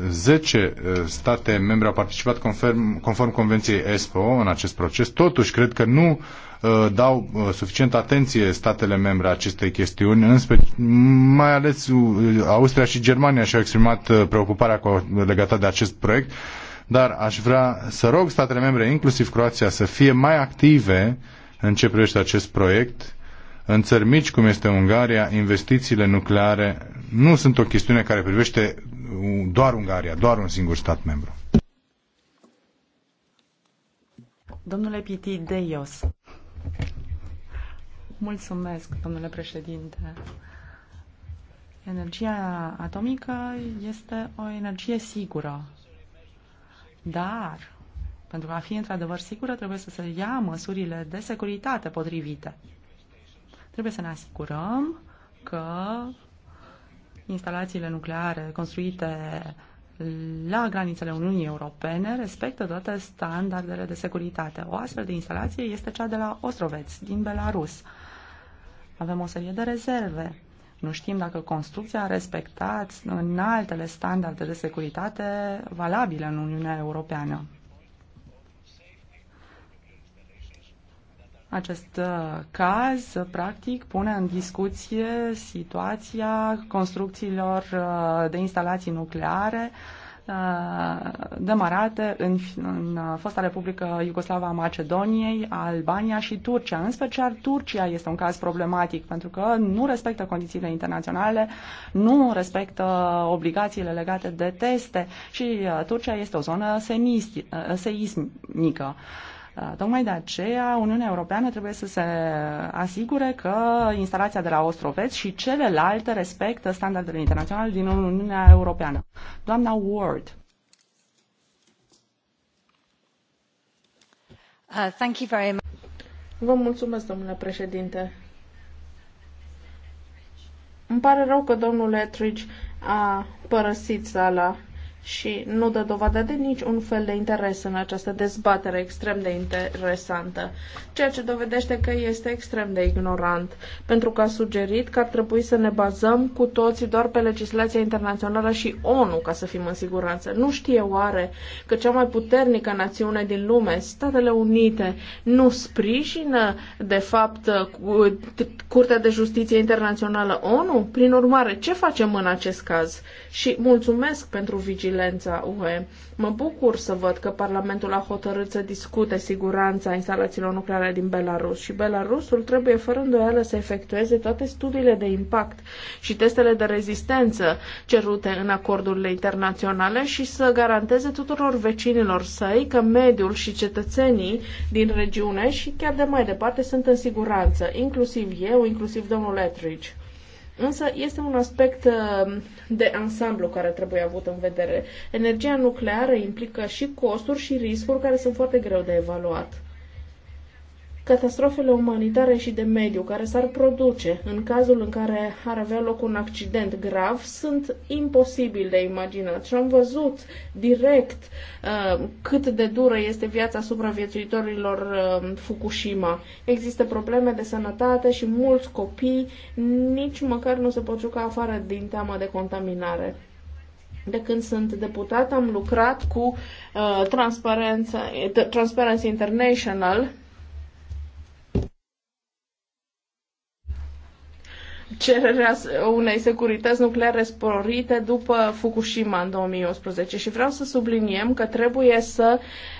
B: Zece uh, state membre au participat conform, conform Convenției ESPO în acest proces. Totuși, cred că nu Uh, dau uh, suficientă atenție statele membre acestei chestiuni, în spe- mai ales uh, Austria și Germania și-au exprimat preocuparea legată de acest proiect, dar aș vrea să rog statele membre, inclusiv Croația, să fie mai active în ce privește acest proiect. În țări mici, cum este Ungaria, investițiile nucleare nu sunt o chestiune care privește doar Ungaria, doar un singur stat membru.
C: Domnule Piti Deios. Mulțumesc, domnule președinte. Energia atomică este o energie sigură, dar pentru a fi într-adevăr sigură trebuie să se ia măsurile de securitate potrivite. Trebuie să ne asigurăm că instalațiile nucleare construite la granițele Uniunii Europene respectă toate standardele de securitate. O astfel de instalație este cea de la Ostroveț, din Belarus. Avem o serie de rezerve. Nu știm dacă construcția a respectat în altele standarde de securitate valabile în Uniunea Europeană. Acest uh, caz, uh, practic, pune în discuție situația construcțiilor uh, de instalații nucleare demarate în, în fosta Republică Iugoslava Macedoniei, Albania și Turcia. În special Turcia este un caz problematic pentru că nu respectă condițiile internaționale, nu respectă obligațiile legate de teste și Turcia este o zonă seismică. Uh, tocmai de aceea, Uniunea Europeană trebuie să se asigure că instalația de la Ostroveți și celelalte respectă standardele internaționale din Uniunea Europeană. Doamna Ward.
A: Uh, thank you very much. Vă mulțumesc, domnule președinte. Îmi pare rău că domnul Etridge a părăsit sala și nu dă dovadă de niciun fel de interes în această dezbatere extrem de interesantă, ceea ce dovedește că este extrem de ignorant, pentru că a sugerit că ar trebui să ne bazăm cu toții doar pe legislația internațională și ONU ca să fim în siguranță. Nu știe oare că cea mai puternică națiune din lume, Statele Unite, nu sprijină, de fapt, Curtea de Justiție Internațională ONU? Prin urmare, ce facem în acest caz? Și mulțumesc pentru vigilanță. Silența UE. Mă bucur să văd că Parlamentul a hotărât să discute siguranța instalațiilor nucleare din Belarus și Belarusul trebuie fără îndoială să efectueze toate studiile de impact și testele de rezistență cerute în acordurile internaționale și să garanteze tuturor vecinilor săi că mediul și cetățenii din regiune și chiar de mai departe sunt în siguranță, inclusiv eu, inclusiv domnul Etridge. Însă este un aspect uh, de ansamblu care trebuie avut în vedere. Energia nucleară implică și costuri și riscuri care sunt foarte greu de evaluat. Catastrofele umanitare și de mediu care s-ar produce în cazul în care ar avea loc un accident grav sunt imposibil de imaginat și am văzut direct uh, cât de dură este viața supraviețuitorilor uh, Fukushima. Există probleme de sănătate și mulți copii nici măcar nu se pot juca afară din teama de contaminare. De când sunt deputat am lucrat cu uh, Transparency International cererea unei securități nucleare sporite după Fukushima în 2011 și vreau să subliniem că trebuie să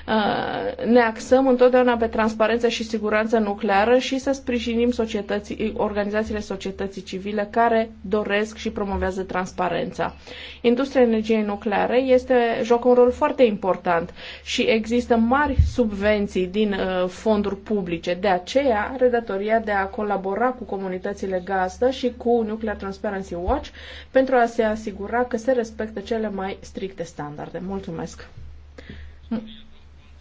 A: Uh, ne axăm întotdeauna pe transparență și siguranță nucleară și să sprijinim societății, organizațiile societății civile care doresc și promovează transparența. Industria energiei nucleare este, joacă un rol foarte important și există mari subvenții din uh, fonduri publice. De aceea redatoria de a colabora cu comunitățile gazdă și cu Nuclear Transparency Watch pentru a se asigura că se respectă cele mai stricte standarde. Mulțumesc!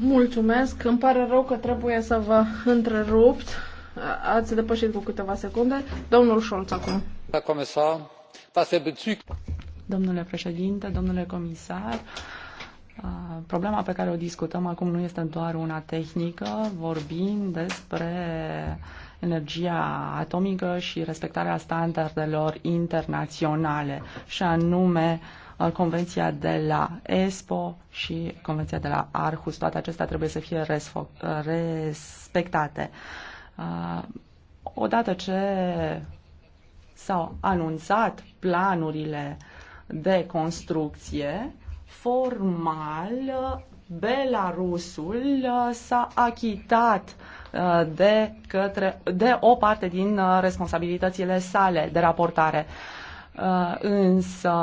A: Mulțumesc. Îmi pare rău că trebuie să vă întrerupt. Ați depășit cu câteva secunde. Domnul Scholz acum. Domnule președinte, domnule comisar,
C: problema pe care o discutăm acum nu este doar una tehnică. Vorbim despre energia atomică și respectarea standardelor internaționale, și anume uh, Convenția de la ESPO și Convenția de la Arhus. Toate acestea trebuie să fie respectate. Uh, odată ce s-au anunțat planurile de construcție, formal Belarusul uh, s-a achitat uh, de, către, de o parte din responsabilitățile sale de raportare. Uh, Uh, însă,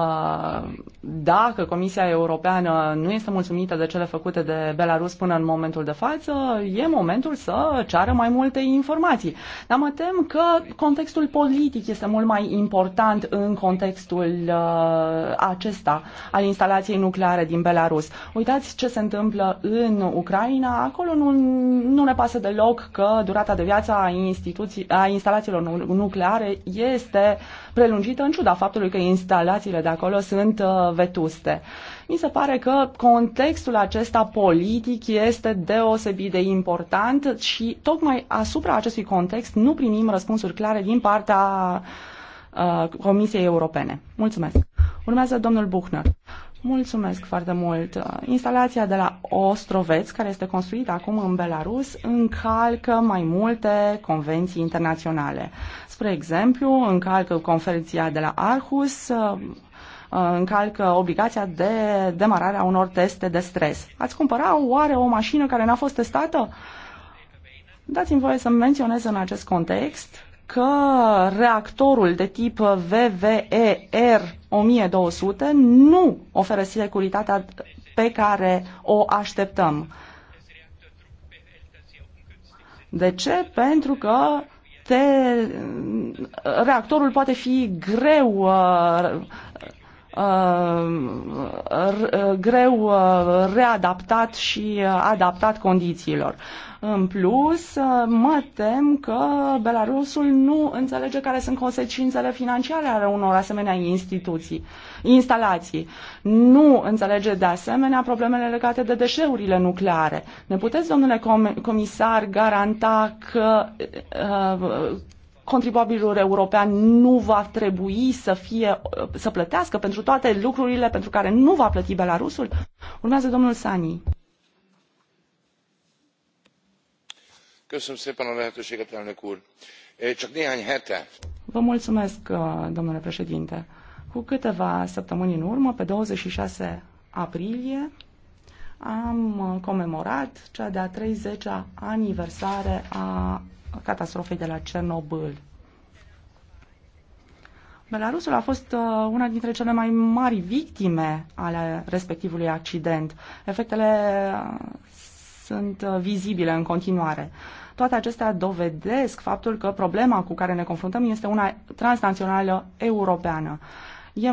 C: dacă Comisia Europeană nu este mulțumită de cele făcute de Belarus până în momentul de față, e momentul să ceară mai multe informații. Dar mă tem că contextul politic este mult mai important în contextul uh, acesta al instalației nucleare din Belarus. Uitați ce se întâmplă în Ucraina. Acolo nu, nu ne pasă deloc că durata de viață a, a instalațiilor nucleare este prelungită în ciuda faptului că instalațiile de acolo sunt uh, vetuste. Mi se pare că contextul acesta politic este deosebit de important și tocmai asupra acestui context nu primim răspunsuri clare din partea uh, Comisiei Europene. Mulțumesc. Urmează domnul Buchner. Mulțumesc foarte mult. Instalația de la Ostroveț, care este construită acum în Belarus, încalcă mai multe convenții internaționale. Spre exemplu, încalcă conferinția de la Arhus, uh, uh, încalcă obligația de demarare a unor teste de stres. Ați cumpăra oare o mașină care n-a fost testată? Dați-mi voie să menționez în acest context că reactorul de tip VVER 1200 nu oferă securitatea pe care o așteptăm. De ce? Pentru că reactorul poate fi greu uh, Uh, greu uh, readaptat și uh, adaptat condițiilor. În plus, mă tem că Belarusul nu înțelege care sunt consecințele financiare ale unor asemenea instituții, instalații. Nu înțelege de asemenea problemele legate de deșeurile nucleare. Ne puteți, domnule comisar, garanta că contribuabilul european nu va trebui să, fie, să plătească pentru toate lucrurile pentru care nu va plăti Belarusul? Urmează domnul Sani.
B: Eh,
C: Vă mulțumesc, eh, domnule președinte. Cu câteva săptămâni în urmă, pe 26 aprilie, am eh, comemorat cea de-a 30-a aniversare a catastrofei de la Cernobâl. Belarusul a fost uh, una dintre cele mai mari victime ale respectivului accident. Efectele uh, sunt uh, vizibile în continuare. Toate acestea dovedesc faptul că problema cu care ne confruntăm este una transnațională europeană. E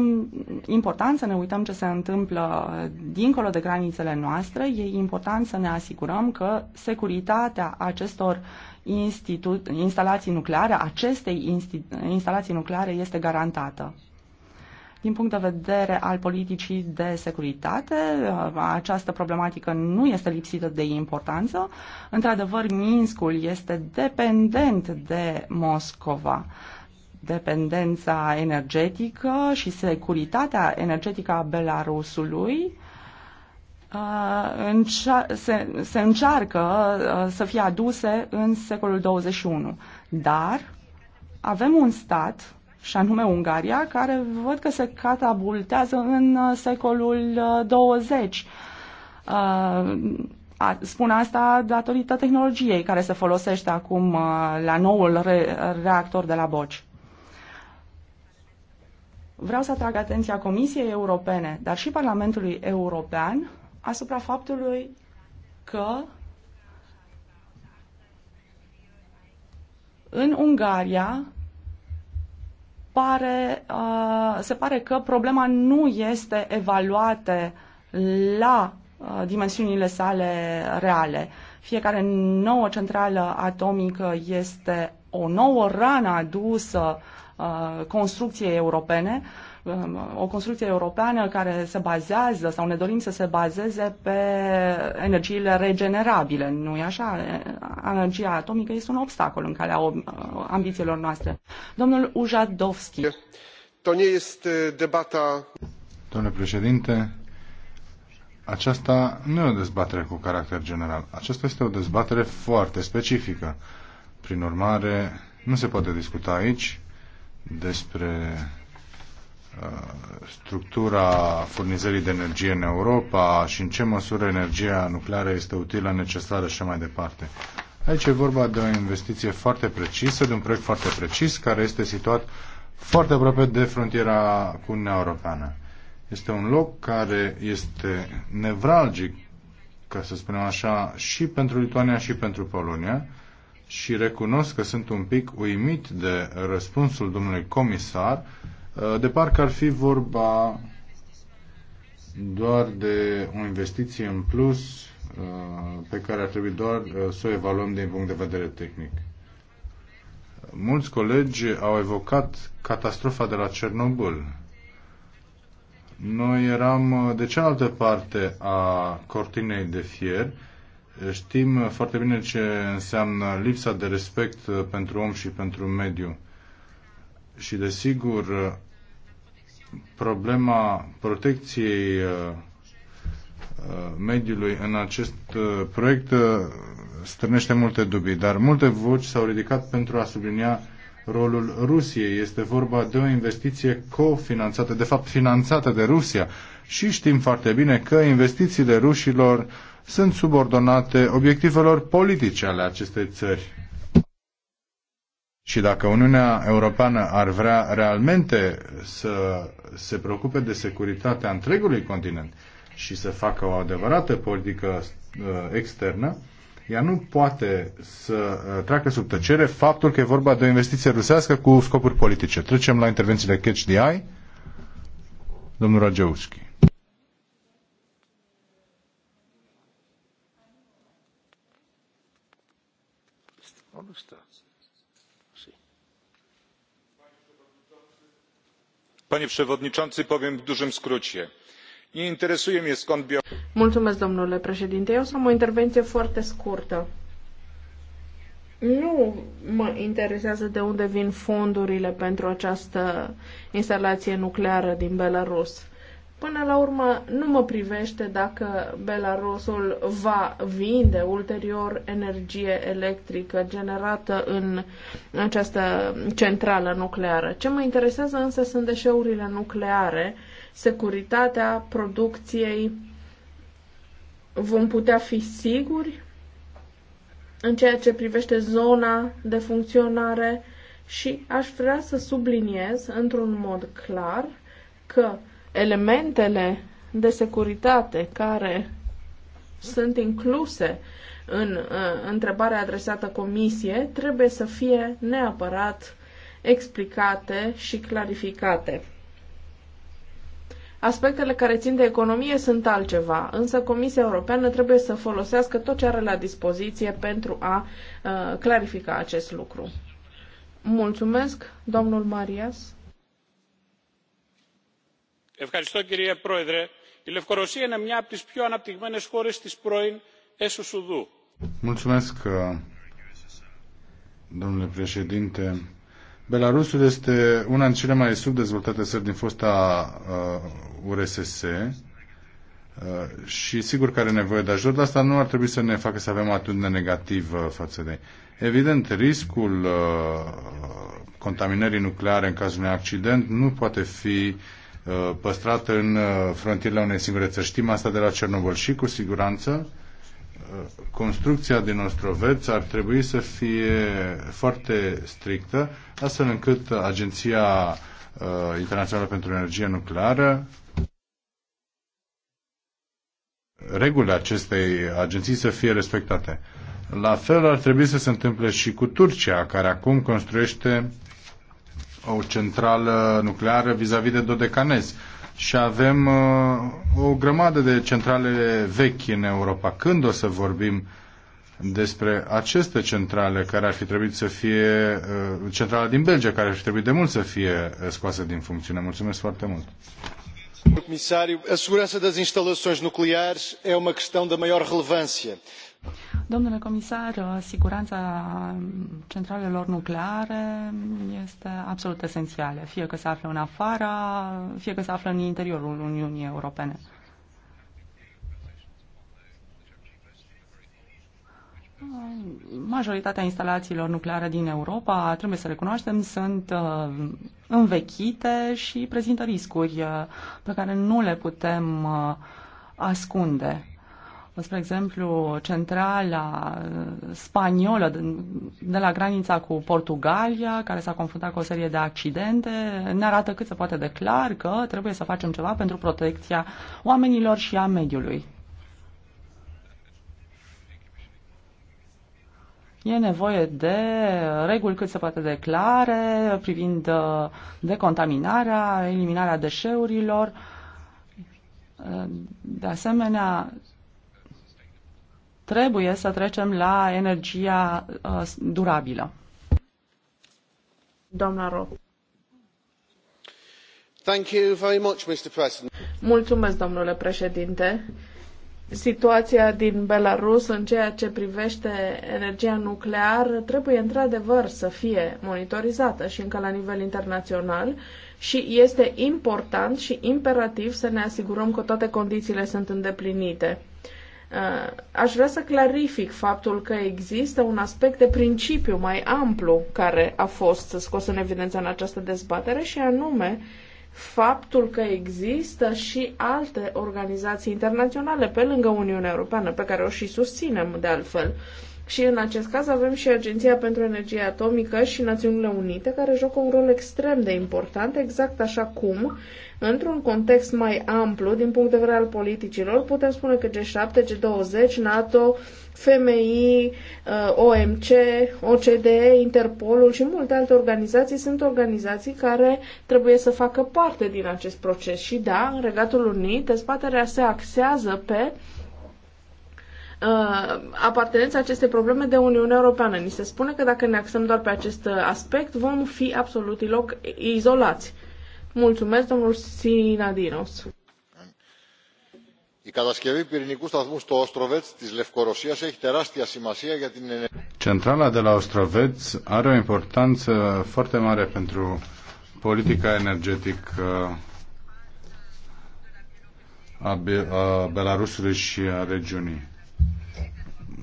C: important să ne uităm ce se întâmplă dincolo de granițele noastre, e important să ne asigurăm că securitatea acestor uh, institu- instalații nucleare, acestei insti- instalații nucleare este garantată. Din punct de vedere al politicii de securitate, această problematică nu este lipsită de importanță. Într-adevăr, Minskul este dependent de Moscova. Dependența energetică și securitatea energetică a Belarusului Uh, se, se încearcă uh, să fie aduse în secolul 21. Dar avem un stat, și anume Ungaria, care văd că se catabultează în uh, secolul 20. Spun asta datorită tehnologiei care se folosește acum la noul re- reactor de la Boci. Vreau să atrag atenția Comisiei Europene, dar și Parlamentului European asupra faptului că în Ungaria pare, uh, se pare că problema nu este evaluată la uh, dimensiunile sale reale. Fiecare nouă centrală atomică este o nouă rană adusă uh, construcției europene, Um, o construcție europeană care se bazează sau ne dorim să se bazeze pe energiile regenerabile. Nu-i așa? Energia atomică este un obstacol în calea ambițiilor noastre. Domnul Ujadovski.
B: To nie jest debata... Domnule președinte, aceasta nu e o dezbatere cu caracter general. Aceasta este o dezbatere foarte specifică. Prin urmare, nu se poate discuta aici despre Uh, structura furnizării de energie în Europa și în ce măsură energia nucleară este utilă, necesară și mai departe. Aici e vorba de o investiție foarte precisă, de un proiect foarte precis, care este situat foarte aproape de frontiera cu Uniunea Europeană. Este un loc care este nevralgic, ca să spunem așa, și pentru Lituania și pentru Polonia și recunosc că sunt un pic uimit de răspunsul domnului comisar Uh, de parcă ar fi vorba doar de o investiție în plus uh, pe care ar trebui doar uh, să o evaluăm din punct de vedere tehnic. Mulți colegi au evocat catastrofa de la Cernobâl. Noi eram de cealaltă parte a cortinei de fier. Știm foarte bine ce înseamnă lipsa de respect pentru om și pentru mediu și desigur problema protecției uh, uh, mediului în acest uh, proiect strânește multe dubii, dar multe voci s-au ridicat pentru a sublinia rolul Rusiei. Este vorba de o investiție cofinanțată, de fapt finanțată de Rusia și știm foarte bine că investițiile rușilor sunt subordonate obiectivelor politice ale acestei țări. Și dacă Uniunea Europeană ar vrea realmente să se preocupe de securitatea întregului continent și să facă o adevărată politică uh, externă, ea nu poate să uh, treacă sub tăcere faptul că e vorba de o investiție rusească cu scopuri politice. Trecem la intervențiile Catch the Eye. Domnul Rageuschi. panie przewodniczący! powiem w dużym skrócie nie interesuje mnie skąd.
A: mulțumesc domnule președinte eu am o intervenție foarte scurtă. Nu mă interesează de unde vin fondurile pentru această instalație nucleară din Belarus. Până la urmă, nu mă privește dacă Belarusul va vinde ulterior energie electrică generată în această centrală nucleară. Ce mă interesează însă sunt deșeurile nucleare, securitatea producției. Vom putea fi siguri în ceea ce privește zona de funcționare și aș vrea să subliniez într-un mod clar că elementele de securitate care sunt incluse în uh, întrebarea adresată comisie trebuie să fie neapărat explicate și clarificate. Aspectele care țin de economie sunt altceva, însă Comisia Europeană trebuie să folosească tot ce are la dispoziție pentru a uh, clarifica acest lucru. Mulțumesc, domnul Marias
B: κυρία πρόεδρε η λευκορωσία είναι μια από τις πιο αναπτυγμένες χώρες της πρώην έσω Mulțumesc, uh, domnule președinte. Belarusul este una din cele mai subdezvoltate țări din fosta uh, URSS uh, și sigur că are nevoie de ajutor, dar asta nu ar trebui să ne facă să avem atitudine negativă față de ei. Evident, riscul uh, contaminării nucleare în cazul unui accident nu poate fi uh, Uh, păstrat în uh, frontierele unei singure țări. Știm asta de la Cernobâl și cu siguranță uh, construcția din Ostroveț ar trebui să fie foarte strictă, astfel încât Agenția Internațională pentru Energie Nucleară regulile acestei agenții să fie respectate. La fel ar trebui să se întâmple și cu Turcia, care acum construiește o centrală nucleară vis-a-vis -vis de dodecanez. Și avem uh, o grămadă de centrale vechi în Europa. Când o să vorbim despre aceste centrale care ar fi trebuit să fie, uh, centrala din Belgia care ar fi trebuit de mult să fie uh, scoasă din funcțiune? Mulțumesc foarte mult! comissário a segurança das instalações nucleares é uma questão da maior relevância
C: Domnule comisar, siguranța centralelor nucleare este absolut esențială, fie că se află în afara, fie că se află în interiorul Uniunii Europene. Majoritatea instalațiilor nucleare din Europa, trebuie să recunoaștem, sunt uh, învechite și prezintă riscuri uh, pe care nu le putem uh, ascunde spre exemplu, centrala uh, spaniolă de la granița cu Portugalia, care s-a confruntat cu o serie de accidente, ne arată cât se poate de clar că trebuie să facem ceva pentru protecția oamenilor și a mediului. E nevoie de reguli cât se poate de clare privind uh, decontaminarea, eliminarea deșeurilor, uh, de asemenea, trebuie să trecem la energia
A: uh, durabilă. Doamna Ro.
B: Thank you very much, Mr. President.
A: Mulțumesc, domnule președinte. Situația din Belarus în ceea ce privește energia nucleară trebuie într-adevăr să fie monitorizată și încă la nivel internațional și este important și imperativ să ne asigurăm că toate condițiile sunt îndeplinite. Eh, aș vrea să clarific faptul că există un aspect de principiu mai amplu care a fost scos în evidență în această dezbatere și anume faptul că există și alte organizații internaționale pe lângă Uniunea Europeană, pe care o și susținem de altfel. Uh, și în acest caz avem și Agenția pentru Energie Atomică și Națiunile Unite, care joacă un rol extrem de important, exact așa cum, într-un context mai amplu, din punct de vedere al politicilor, putem spune că G7, G20, NATO, FMI, uh, OMC, OCDE, Interpolul și multe alte organizații sunt organizații care trebuie să facă parte din acest proces. Și da, în Regatul Unit, dezbaterea se axează pe uh, apartenența acestei probleme de Uniunea Europeană. Ni se spune că dacă ne axăm doar pe acest uh, aspect, vom fi absolut iloc, izolați. Mulțumesc, domnul Sinadinos.
B: Η κατασκευή πυρηνικού σταθμού στο Όστροβετς της Λευκορωσίας έχει τεράστια σημασία για την Centrala de la Ostrovets are o importanță foarte mare pentru politica energetică a Belarusului și a regiunii.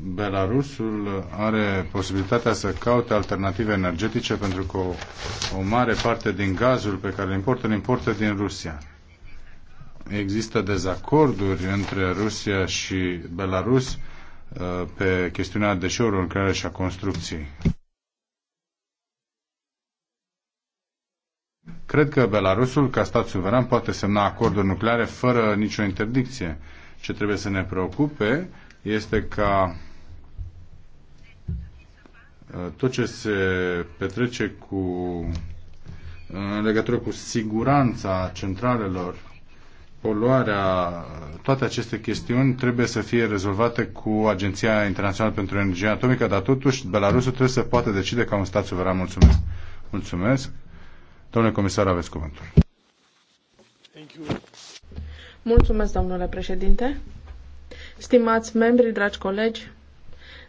B: Belarusul are posibilitatea să caute alternative energetice pentru că o, o mare parte din gazul pe care îl importă, îl importă din Rusia. Există dezacorduri între Rusia și Belarus uh, pe chestiunea deșeurilor, care și a construcției. Cred că Belarusul, ca stat suveran, poate semna acorduri nucleare fără nicio interdicție. Ce trebuie să ne preocupe este ca tot ce se petrece cu, în legătură cu siguranța centralelor, poluarea, toate aceste chestiuni trebuie să fie rezolvate cu Agenția Internațională pentru Energie Atomică, dar totuși Belarusul trebuie să poată decide ca un stat suveran. Mulțumesc! Mulțumesc! Domnule comisar, aveți cuvântul.
A: Mulțumesc, domnule președinte. Stimați membri, dragi colegi,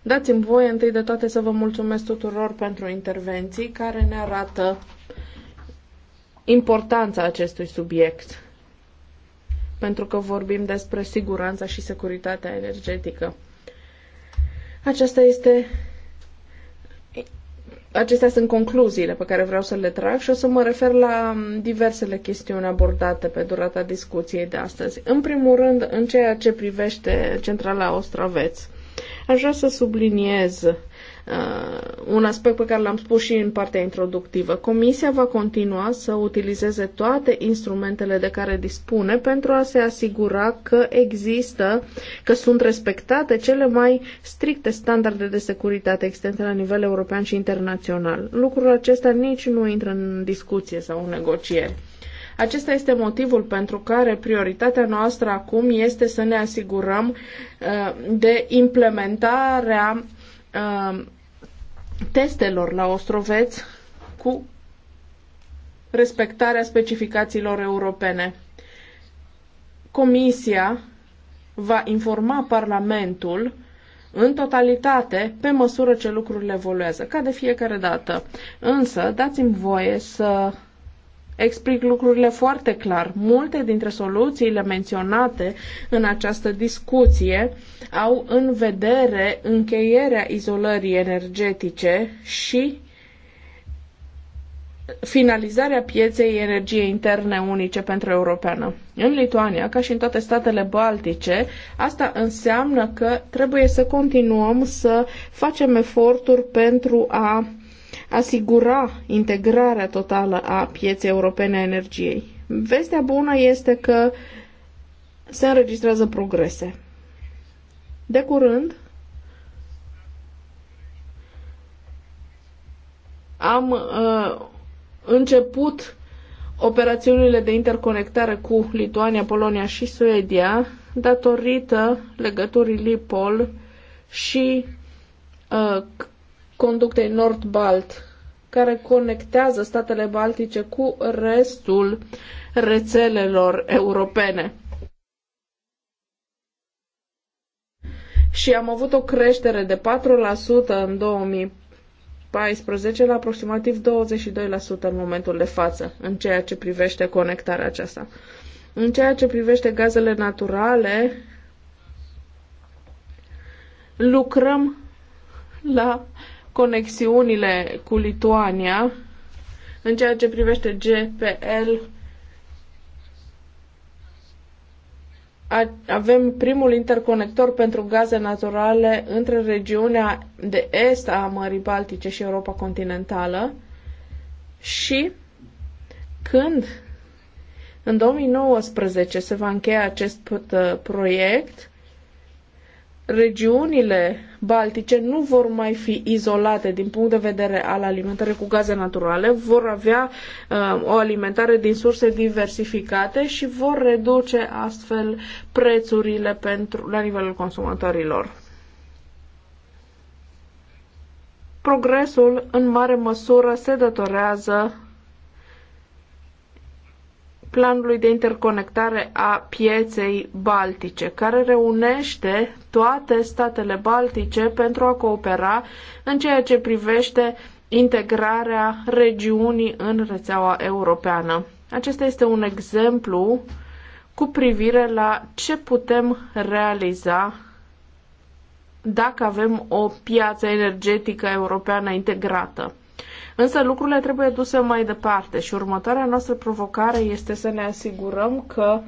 A: Dați-mi voie întâi de toate să vă mulțumesc tuturor pentru intervenții care ne arată importanța acestui subiect, pentru că vorbim despre siguranța și securitatea energetică. Aceasta este acestea sunt concluziile pe care vreau să le trag și o să mă refer la diversele chestiuni abordate pe durata discuției de astăzi. În primul rând, în ceea ce privește centrala Ostraveț. Aș vrea să subliniez Uh, un aspect pe care l-am spus și în partea introductivă. Comisia va continua să utilizeze toate instrumentele de care dispune pentru a se asigura că există, că sunt respectate cele mai stricte standarde de securitate existente la nivel european și internațional. Lucrul acesta nici nu intră în discuție sau în negocieri. Acesta este motivul pentru care prioritatea noastră acum este să ne asigurăm uh, de implementarea uh, testelor la Ostroveț cu respectarea specificațiilor europene. Comisia va informa Parlamentul în totalitate pe măsură ce lucrurile evoluează, ca de fiecare dată. Însă, dați-mi voie să explic lucrurile foarte clar. Multe dintre soluțiile menționate în această discuție au în vedere încheierea izolării energetice și finalizarea pieței energiei interne unice pentru europeană. În Lituania, ca și în toate statele baltice, asta înseamnă că trebuie să continuăm să facem eforturi pentru a asigura integrarea totală a pieței europene a energiei. Vestea bună este că se înregistrează progrese. De curând, am uh, început operațiunile de interconectare cu Lituania, Polonia și Suedia datorită legăturii LIPOL și uh, conductei Nord-Balt, care conectează statele baltice cu restul rețelelor europene. Și am avut o creștere de 4% în 2014 la aproximativ 22% în momentul de față, în ceea ce privește conectarea aceasta. În ceea ce privește gazele naturale, lucrăm la conexiunile cu Lituania în ceea ce privește GPL. Avem primul interconector pentru gaze naturale între regiunea de est a Mării Baltice și Europa continentală și când în 2019 se va încheia acest uh, proiect, regiunile baltice nu vor mai fi izolate din punct de vedere al alimentării cu gaze naturale, vor avea uh, o alimentare din surse diversificate și vor reduce astfel prețurile pentru, la nivelul consumatorilor. Progresul, în mare măsură, se datorează planului de interconectare a pieței baltice, care reunește toate statele baltice pentru a coopera în ceea ce privește integrarea regiunii în rețeaua europeană. Acesta este un exemplu cu privire la ce putem realiza dacă avem o piață energetică europeană integrată. Însă lucrurile trebuie duse mai departe și următoarea noastră provocare este să ne asigurăm că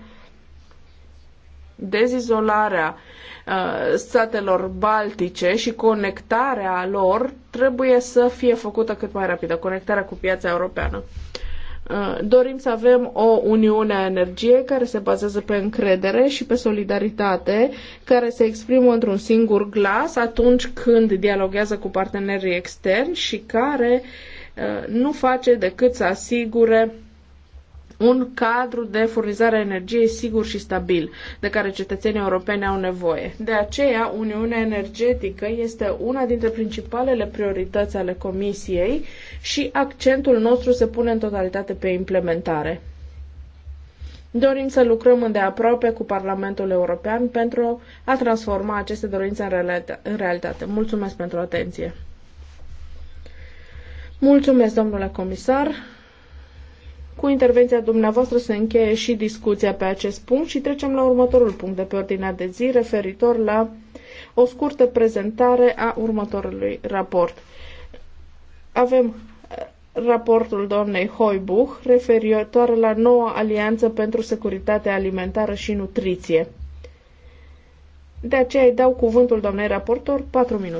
A: dezizolarea uh, statelor baltice și conectarea lor trebuie să fie făcută cât mai rapidă, conectarea cu piața europeană. Uh, dorim să avem o uniune a energiei care se bazează pe încredere și pe solidaritate, care se exprimă într-un singur glas atunci când dialoguează cu partenerii externi și care uh, Uh, nu face decât să asigure un cadru de furnizare a energiei sigur și stabil, de care cetățenii europeni au nevoie. De aceea, Uniunea Energetică este una dintre principalele priorități ale Comisiei și accentul nostru se pune în totalitate pe implementare. Dorim să lucrăm îndeaproape cu Parlamentul European pentru a transforma aceste dorințe în realitate. Mulțumesc pentru atenție! Mulțumesc, domnule comisar. Cu intervenția dumneavoastră se încheie și discuția pe acest punct și trecem la următorul punct de pe ordinea de zi referitor la o scurtă prezentare a următorului raport. Avem eh, raportul doamnei Hoibuch referitoare la noua alianță pentru securitate alimentară și nutriție. De aceea îi dau cuvântul doamnei raportor 4 minute.